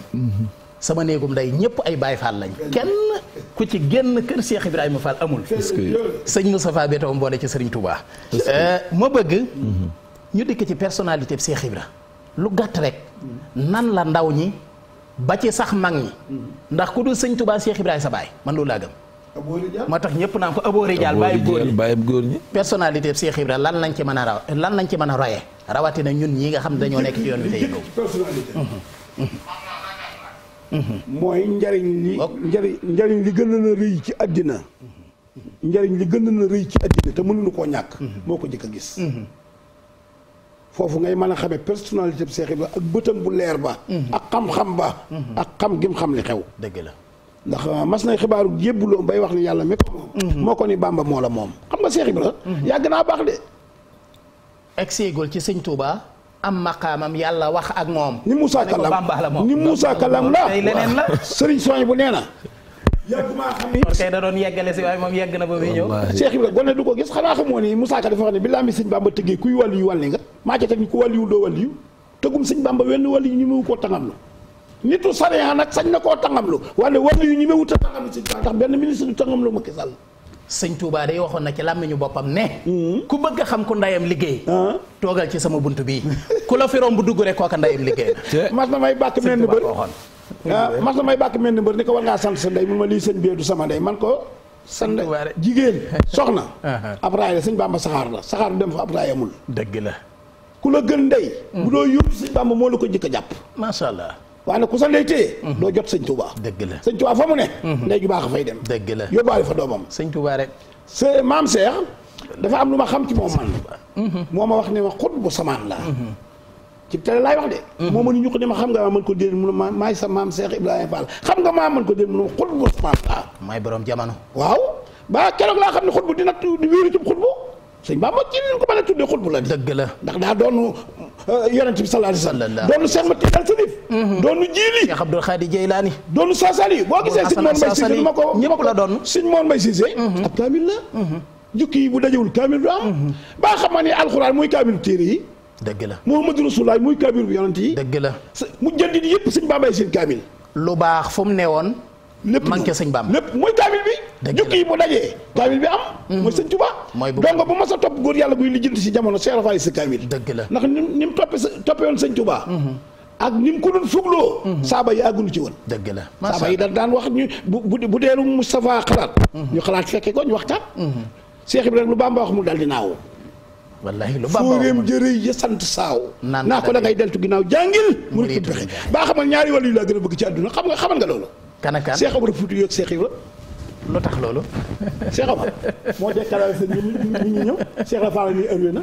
sama néegum ndey ñëpp ay Baay Faal lañ kenn ku ci génn kër Cheikh Ibrahima Fall amul sëñ Moustapha boo mboole ci Sëriñ Touba euh, ma bëgg ñu dikk ci personnalité bi Cheikh Ibra lu gàtt rek nan la ndaw ñi ba ci sax mag ñi ku dul sëñ Touba Cheikh Ibrahima sa baay man loolu laa gëm moo tax ñëpp naan ko aboori jaal bàyyi góor ñi bàyyi góor ñi personnalité bi Cheikh lan lañ ci mën a raw lan lañ ci mën a royee rawatina ñun ñi nga xam dañoo nekk ci yoon wi tey mooy njariñ li njariñ li gën na rëy ci àddina njariñ li gën na rëy ci àddina te mënuñu koo ñàkk moo ko jëkk a gis foofu ngay mën a xamee personnalité bi Seex Ibra ak bëtam bu leer ba ak xam-xam ba ak xam gim xam li xew dëgg la ndax ah, mas nañ xibaaru jébbuloo bay wax ni yàlla mi ko moom mhm. moo ko ni Bàmba moo la moom xam nga Seex la mhm. yàgg naa baax de egg séegul ci sëñ Tuubaa am maqaamam yàlla wax ak moom. ni Moussa Kalam ni Moussa Kalam la tey leneen la. Serigne Soñ bu nee na. yàggumaa xam ni kay da doon yeggale si waaye moom yegg na ba muy ñëw. gone du ko gis xanaa xamoo ni Moussa Ka dafa wax ne billahi mi sëñ Bamba tëggee kuy wàllu yu nga. maa ca teg ni ku wàlliwu doo wàlliwu tëggum sëñ Bamba wenn wàlli yu ñemewu koo tangamlu nitu saree nag sañ na koo tangamlu wala wàlli yu ñemewut a tangamlu sëñ Bamba ndax benn ministre du ma Macky Sall sëñ Touba day waxoon na ci làmmiñu boppam ne. Hmm? ku bëgg xam ku ndeyam liggéey. Hmm? toogal ci sama bunt bii ku la fi bu dugg rek kooka ndayam liggéey na. mas na may bàkk mel ni mbër mas may bàkk mel ni mbër ni ko war ngaa sant sa ndey mu ma lii sëñ bee du sama ndey man ko. sant jigéen [LAUGHS] soxna. Uh-huh. ab raay la sëñ Bamba saxaar la saxaar dem fa ab raay amul. dëgg la. ku la gën ndey. bu hmm. doo yóbbu sëñ Bamba moo la ko jëkk a jàpp. macha allah. waaye nag ku sa ndey téye mhm. doo jot sëñ Touba dëgg la sëñ Touba fa mu ne mhm. ndey ju baax a fay dem dëgg la yóbbaale fa doomam sëñ Touba rek se maam Seex dafa am lu ma xam ci moom man mhm. moo ma wax ne ma xut bu samaan laa ci télé laay wax de moo ma ni ñu ko ne ma xam nga maa mën ko déen mun ma maay sa maam Seex Ibrahima Fall xam nga maa mën ko déen mun ma xut bu samaan laa maay borom jamono waaw ba keroog laa xam ne xut bu dina di wéeru ci xut bu sëñ Bamba ci lañ ko mën a tuddee xutbu la dëgg la ndax daa doonu euh, yonent bi sallallahu alayhi wasallam doonu Cheikh Mati Al Sarif mm-hmm. doonu Jiili Cheikh Abdoul Khadi Jeylaani doonu Saasali boo gisee sëñ Moon Mbay Sise ma mm-hmm. ab kaamil la mm-hmm. jukki yi bu dajewul kaamil du am baa xam ne alxuraan muy kaamil téere yi dëgg la Muhammadu Rasulullaah muy kaamil bu yonent yi dëgg yëpp sëñ Bamba seen kaamil lu baax fu mu woon lépp manqué sëñ Bamba lépp mooy kaamil bi jukki yi mu dajee kaamil bi am mm-hmm. mooy sëñ Tuba donc bu ma sa topp góor yàlla guy lijjanti si jamono Cheikh Rafaay si kaamil dëgg la ndax ni ni mu toppe toppe woon sëñ Tuba mm-hmm. ak ni mu ko doon fugloo mm-hmm. saaba yi àggunu ci woon dëgg la saaba yi daan daan wax ñu bu bu deelu Moustapha xalaat ñu xalaat fekke ko ñu waxtaan Cheikh Ibrahima lu Bamba wax mu daal di naaw wallahi lu baax foo réem jërëy ya sant saaw naa ko da ngay deltu ginnaaw jàngil mu rik pexe baa xamal ñaari wàllu yi laa gën a bëgg ci àdduna xam nga xamal nga loolu kan a kan Cheikh Omar Fouti yoog Cheikh Ibra lu tax loolu. Cheikh Omar moo déclaré seen la Fall mi ëllëgee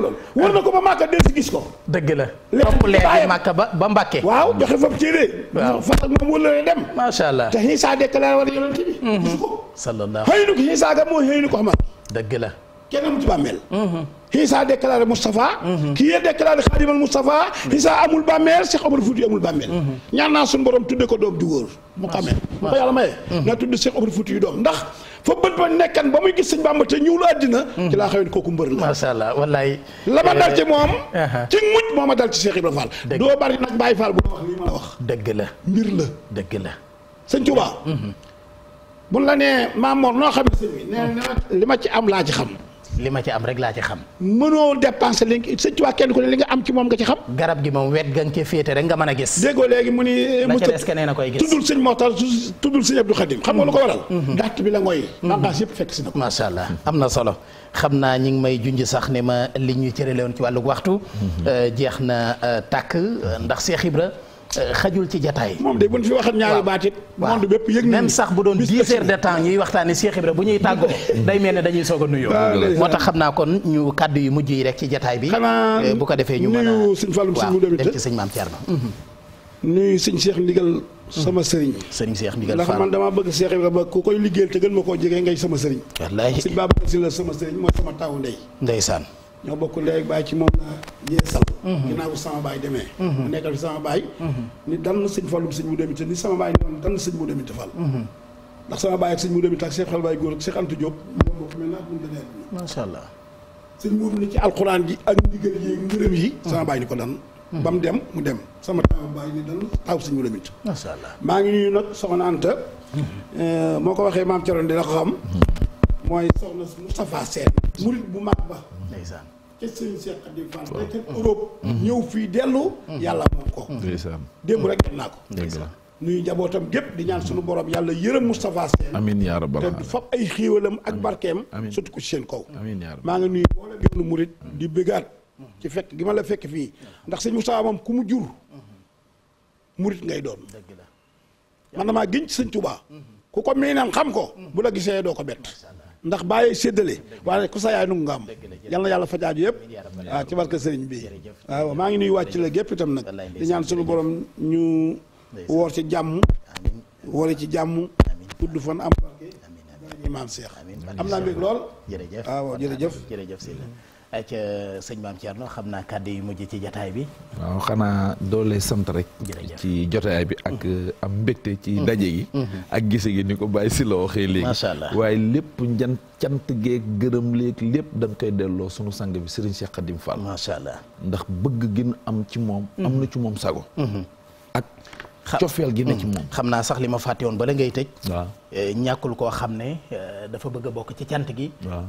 loolu. war na ko ba Màkka del si gis ko. dëgg la topp leer bi ba ba Mbàkke. waaw joxe foofu ci waaw Fass moom wala lay dem. macha allah te ñi saa déclaré war yonent bi. Mhm. gis ko. sallallahu xëy na ki ñi saa moo xëy ko xamal. dëgg la kenn mu ci bàmmeel. Mhm. Isa a déclaré Moustapha. Mhm. kii a déclaré Xaadimal Moustapha. Mhm. Isa amul bàmmeel Cheikh Omar Fouti amul bàmmeel. Mhm. ñaan naa suñu borom tudde ko doom ju wóor. mu xamee mu ko yàlla maye. na tudd Cheikh Omar Fouti yu doom ndax fa bët ba nekkan ba muy gis sëñ Bàmba te ñuul àddina. ci laa xamee ni kooku mbër la. macha allah wallaay. la ma dal ci moom. Eh, eh. ci mujj moo ma dal ci Cheikh Ibrahima Fall. doo bari nag Baye Fall bu wax la wax. dëgg la mbir la. dëgg la sëñ la nee Maam Mor noo li ma ci am laa ci xam li ma ci am rek laa ci xam. mënoo dépenser li nga sëñ kenn ku ne li nga am ci moom nga ci xam. garab gi moom wet gan nga cee féete rek nga mën a gis. déggoo léegi mu ni. la ca a koy tuddul sëñ Moxtar tuddul sëñ Abdou Khadim. xam nga lu ko waral. Mhm. Mhm. dàtt bi la ngooy. bànqaas yëpp fekk si na ko. allah am na solo xam naa ñi ngi may junj sax ne ma li ñu cërale woon ci wàllu waxtu. Mhm. Euh, jeex na euh, tàkk ndax Cheikh Ibra xajul ci jataay moom de buñ fi waxat ñaari baat it monde bépp yëg nañu sax bu doon dix heures de temps ñuy waxtaane Cheikh Ibra bu ñuy tàggoo [LAUGHS] day mel ne dañuy soog ah, moo tax xam naa kon ñu kàddu yu mujj yi rek ci jataay bi eh, bu ko defee ñu mën a nuyu sëñ Fallou waaw dem ci sëñ Maam Thierno mm-hmm. nuyu sëñ Cheikh Ndigal sama mm-hmm. sëriñ sëriñ Cheikh Ndigal Fall ndax man damaa bëgg Cheikh Ibra ba ku koy liggéeyal te gën ma koo jege ngay sama sëriñ wallaahi sëñ Babacar Si la sama sëriñ mooy sama taawu ndey ndeysaan ñoo bokk ndey ak baay ci moom laa yeesal. Mhm. ginnaaw bu sama baay demee. Mhm. mu nekkal fi sama baay. Mhm. ni dal na sëñ Fallu sëñ mu demit ni sama baay noonu dal na sëñ mu demit Fall. ndax sama baay ak sëñ mu demit ak ci alxuraan ji ak ndigal yi ngërëm yi. sama baay ni ko dan ba mu dem mu dem sama taaw baay ni dan taaw sëñ mu demit. macha maa ngi nuyu nag soxna Anta. Eh, moo ko waxee maam Thiorène dina ko xam. mooy soxna Moustapha Sène murid bu mag ba ndeysaan te sëñ a Khadim Fall nekk Europe mm-hmm. ñëw fii dellu mm-hmm. yàlla moom ko démb rek dem naa ko nuyu njabootam gépp di ñaan sunu borom yàlla yërëm Moustapha Sène amiin yaa rabbal te fab ay xéewalam ak ko ci seen kaw maa ngi nuyu boole yoonu murit mm-hmm. di bëggaat ci fekk gi ma la fekk fii ndax sëñ Moustapha moom ku mu jur murit ngay doon man damaa gën ci sëñ ku ko miinam xam ko bu la gisee doo ko bett ndax bàyyi séddale waaye ku sa yaay nu nga am yal na yàlla fajaaju yëpp waaw ah, ci barke sëriñ bi waaw ah, maa ngi nuy wàcc la gépp itam nag di ñaan suñu borom ñu woor ci jàmm woori ci jàmm tudd fan am barke imaam Seex am naa mbég lool ah, waaw jërëjëf jërëjëf ca sëñ Maam Thierno xam naa kàddu yu mujj ci jotaay bi. waaw xanaa doole sant rek. ci jotaay bi ak mm-hmm. am mbégte ci ndaje mm-hmm. gi. Mm-hmm. ak gise gi ni ko bàyyi si la waxee léegi. macha allah waaye lépp njant cant geeg gërëm léeg lépp dañ koy delloo sunu sang bi Serigne Cheikh Khadim Fall. macha allah ndax bëgg gi nu am ci moom. am na ci moom sago. ak cofeel gi na mm, xam naa sax li ma fàtte woon bala ngay tëj waaw eh, ñàkkul koo xam ne eh, dafa bëgg a bokk ci cant gi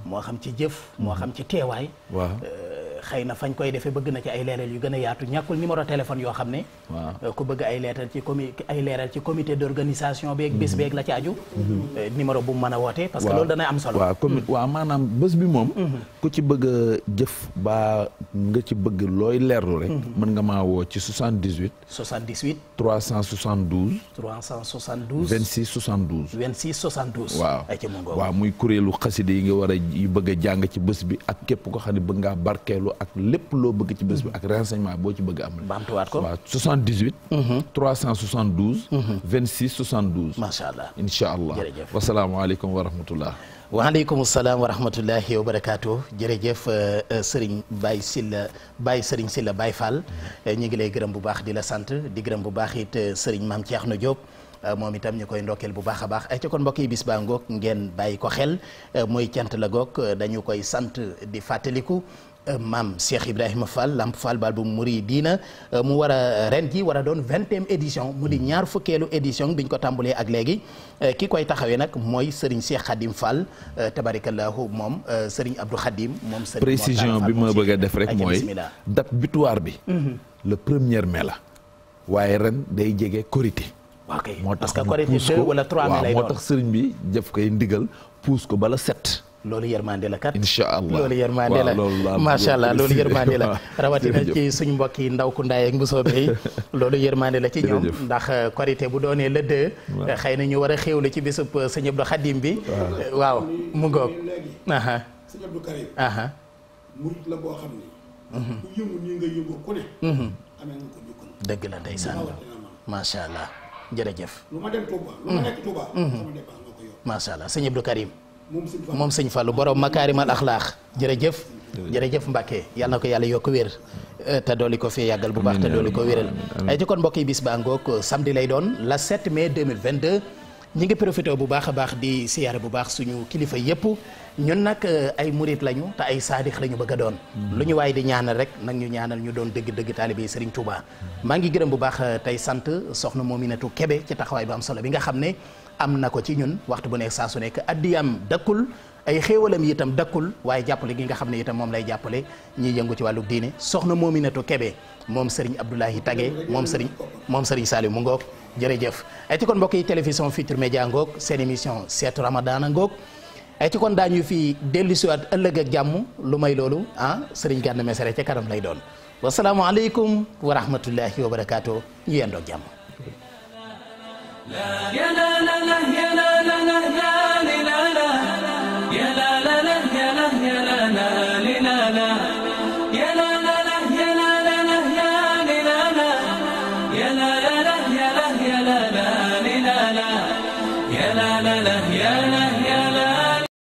moo xam ci jëf moo mm. xam ci teewaay waaw eh, xëy na fañ koy defee bëgg na ci ay leeral yu gën a yaatu ñàkkul numéro téléphone yoo xam ne waaw ku bëgg ay leeral ci comi ay leeral ci comité d'organisation beeg bés mhm. beeg la mhm. eh, a wootee parce que loolu dana am solo bi moom mhm. ku ci bëgg a jëf baa nga ci bëgg looy leerlu rek mën nga maa woo ci 78 78 372 372 26 72 26 72 waaw waaw muy kuréelu xaside yi nga war a yi bëgg a jàng ci bés bi ak képp ko xam ne bëgg ngaa barkeelu ak lépp loo bëgg ci bés bi ak renseignement boo ci bëgg am baamtuwaat ko waaw 78 372 26 72 macha allah incha allah jërëjëf wasalaamualeykum wa rahmatullah waaleykum salaam wa rahmatullahi wa barakaatu jërëjëf euh, euh, Serigne Baye Silla Baye Serigne Silla Baye Fall mhm. ñu ngi lay gërëm bu baax di la sant di gërëm bu baax it euh, Serigne Mame na Diop moom itam ñu koy ndokkeel bu baax a baax ay ca kon mbokk yi bis baa ngoog ngeen bàyyi ko xel mooy cant la goog dañu koy sant di fàttaliku. Euh, maam Cheikh Ibrahima Fall Lamp Fall Baal bu Mouridina euh, mu war a ren ji war a doon vingtième édition mu di ñaar fukkeelu édition biñ ko tàmbalee ak léegi euh, ki koy taxawee nag mooy Serigne Cheikh Khadim Fall tabarakallahu moom Serigne Abdou Khadim moom Serigne précision bi ma bëgg a def rek mooy date butoir bi mhm. le premier mai la waaye ren day jege korité moo tax parce que korité deux wala trois mai lay doon moo tax sëriñ bi def koy ndigal puus ko bala set loolu yërmande la kat incha allah loolu yërmande la loolu yërmande la [LAUGHS] rawatina ci suñ mbokk yi ndaw ku ndaay ak mbusoobe yi [LAUGHS] loolu yërmande la ci ñoom ndax korité euh, bu doonee le deux euh, xëy na ñu war a xéewlu ci bésub euh, sëñ Abdou Khadim bi waaw mu ngoog aha sëñ Abdou la boo xam ne mhm. ku yëngu nii nga mhm. allah jërëjëf lu ma mhm. Karim moom fa lu sëñ Fallou borom makaarimal axlaax jërëjëf jërëjëf mbakke yàlla na ko yàlla yokk wér eh, te dooli ko fee yàggal bu baax te dooli ko wéral ay eh, ci kon mbokk yi bis baa ngoog eh, samedi lay doon la 7 mai 2022 ñi ngi profité bu baax a baax di siyaare bu baax suñu kilifa yëpp ñu nag ay murit lañu te ay saadix lañu bëgg a doon mm-hmm. lu ñu waaye di ñaanal rek nag ñu ñaanal ñu doon dëgg-dëgg taalibe Serigne Touba maa ngi gërëm bu baax tey sant soxna Mominatou Kébé ci taxawaay bu am solo bi nga xam ne am na ko ci ñun waxtu bu nekk saa su nekk addiyam dakkul ay xéewalam itam dakkul waaye jàppale gi nga xam ne itam moom lay jàppale ñiy yëngu ci wàllu diine soxna Mominatou Kébé moom Serigne Abdoulahi Tagé moom Serigne moom Serigne Saliou mu ngoog jërëjëf ay ci kon mbokk yi télévision Futurs Médias ngoog seen émission seetu Ramadan ngoog ay ci kon daañu fi dellu dellusiwaat ëllëg ak jàmm lu may loolu ah Serigne Gana Messere ca kanam lay doon wasalaamualeykum wa rahmatullahi wa barakaatu يا لا لا لا يا لا لا لا لا لا لا يا لا لا لا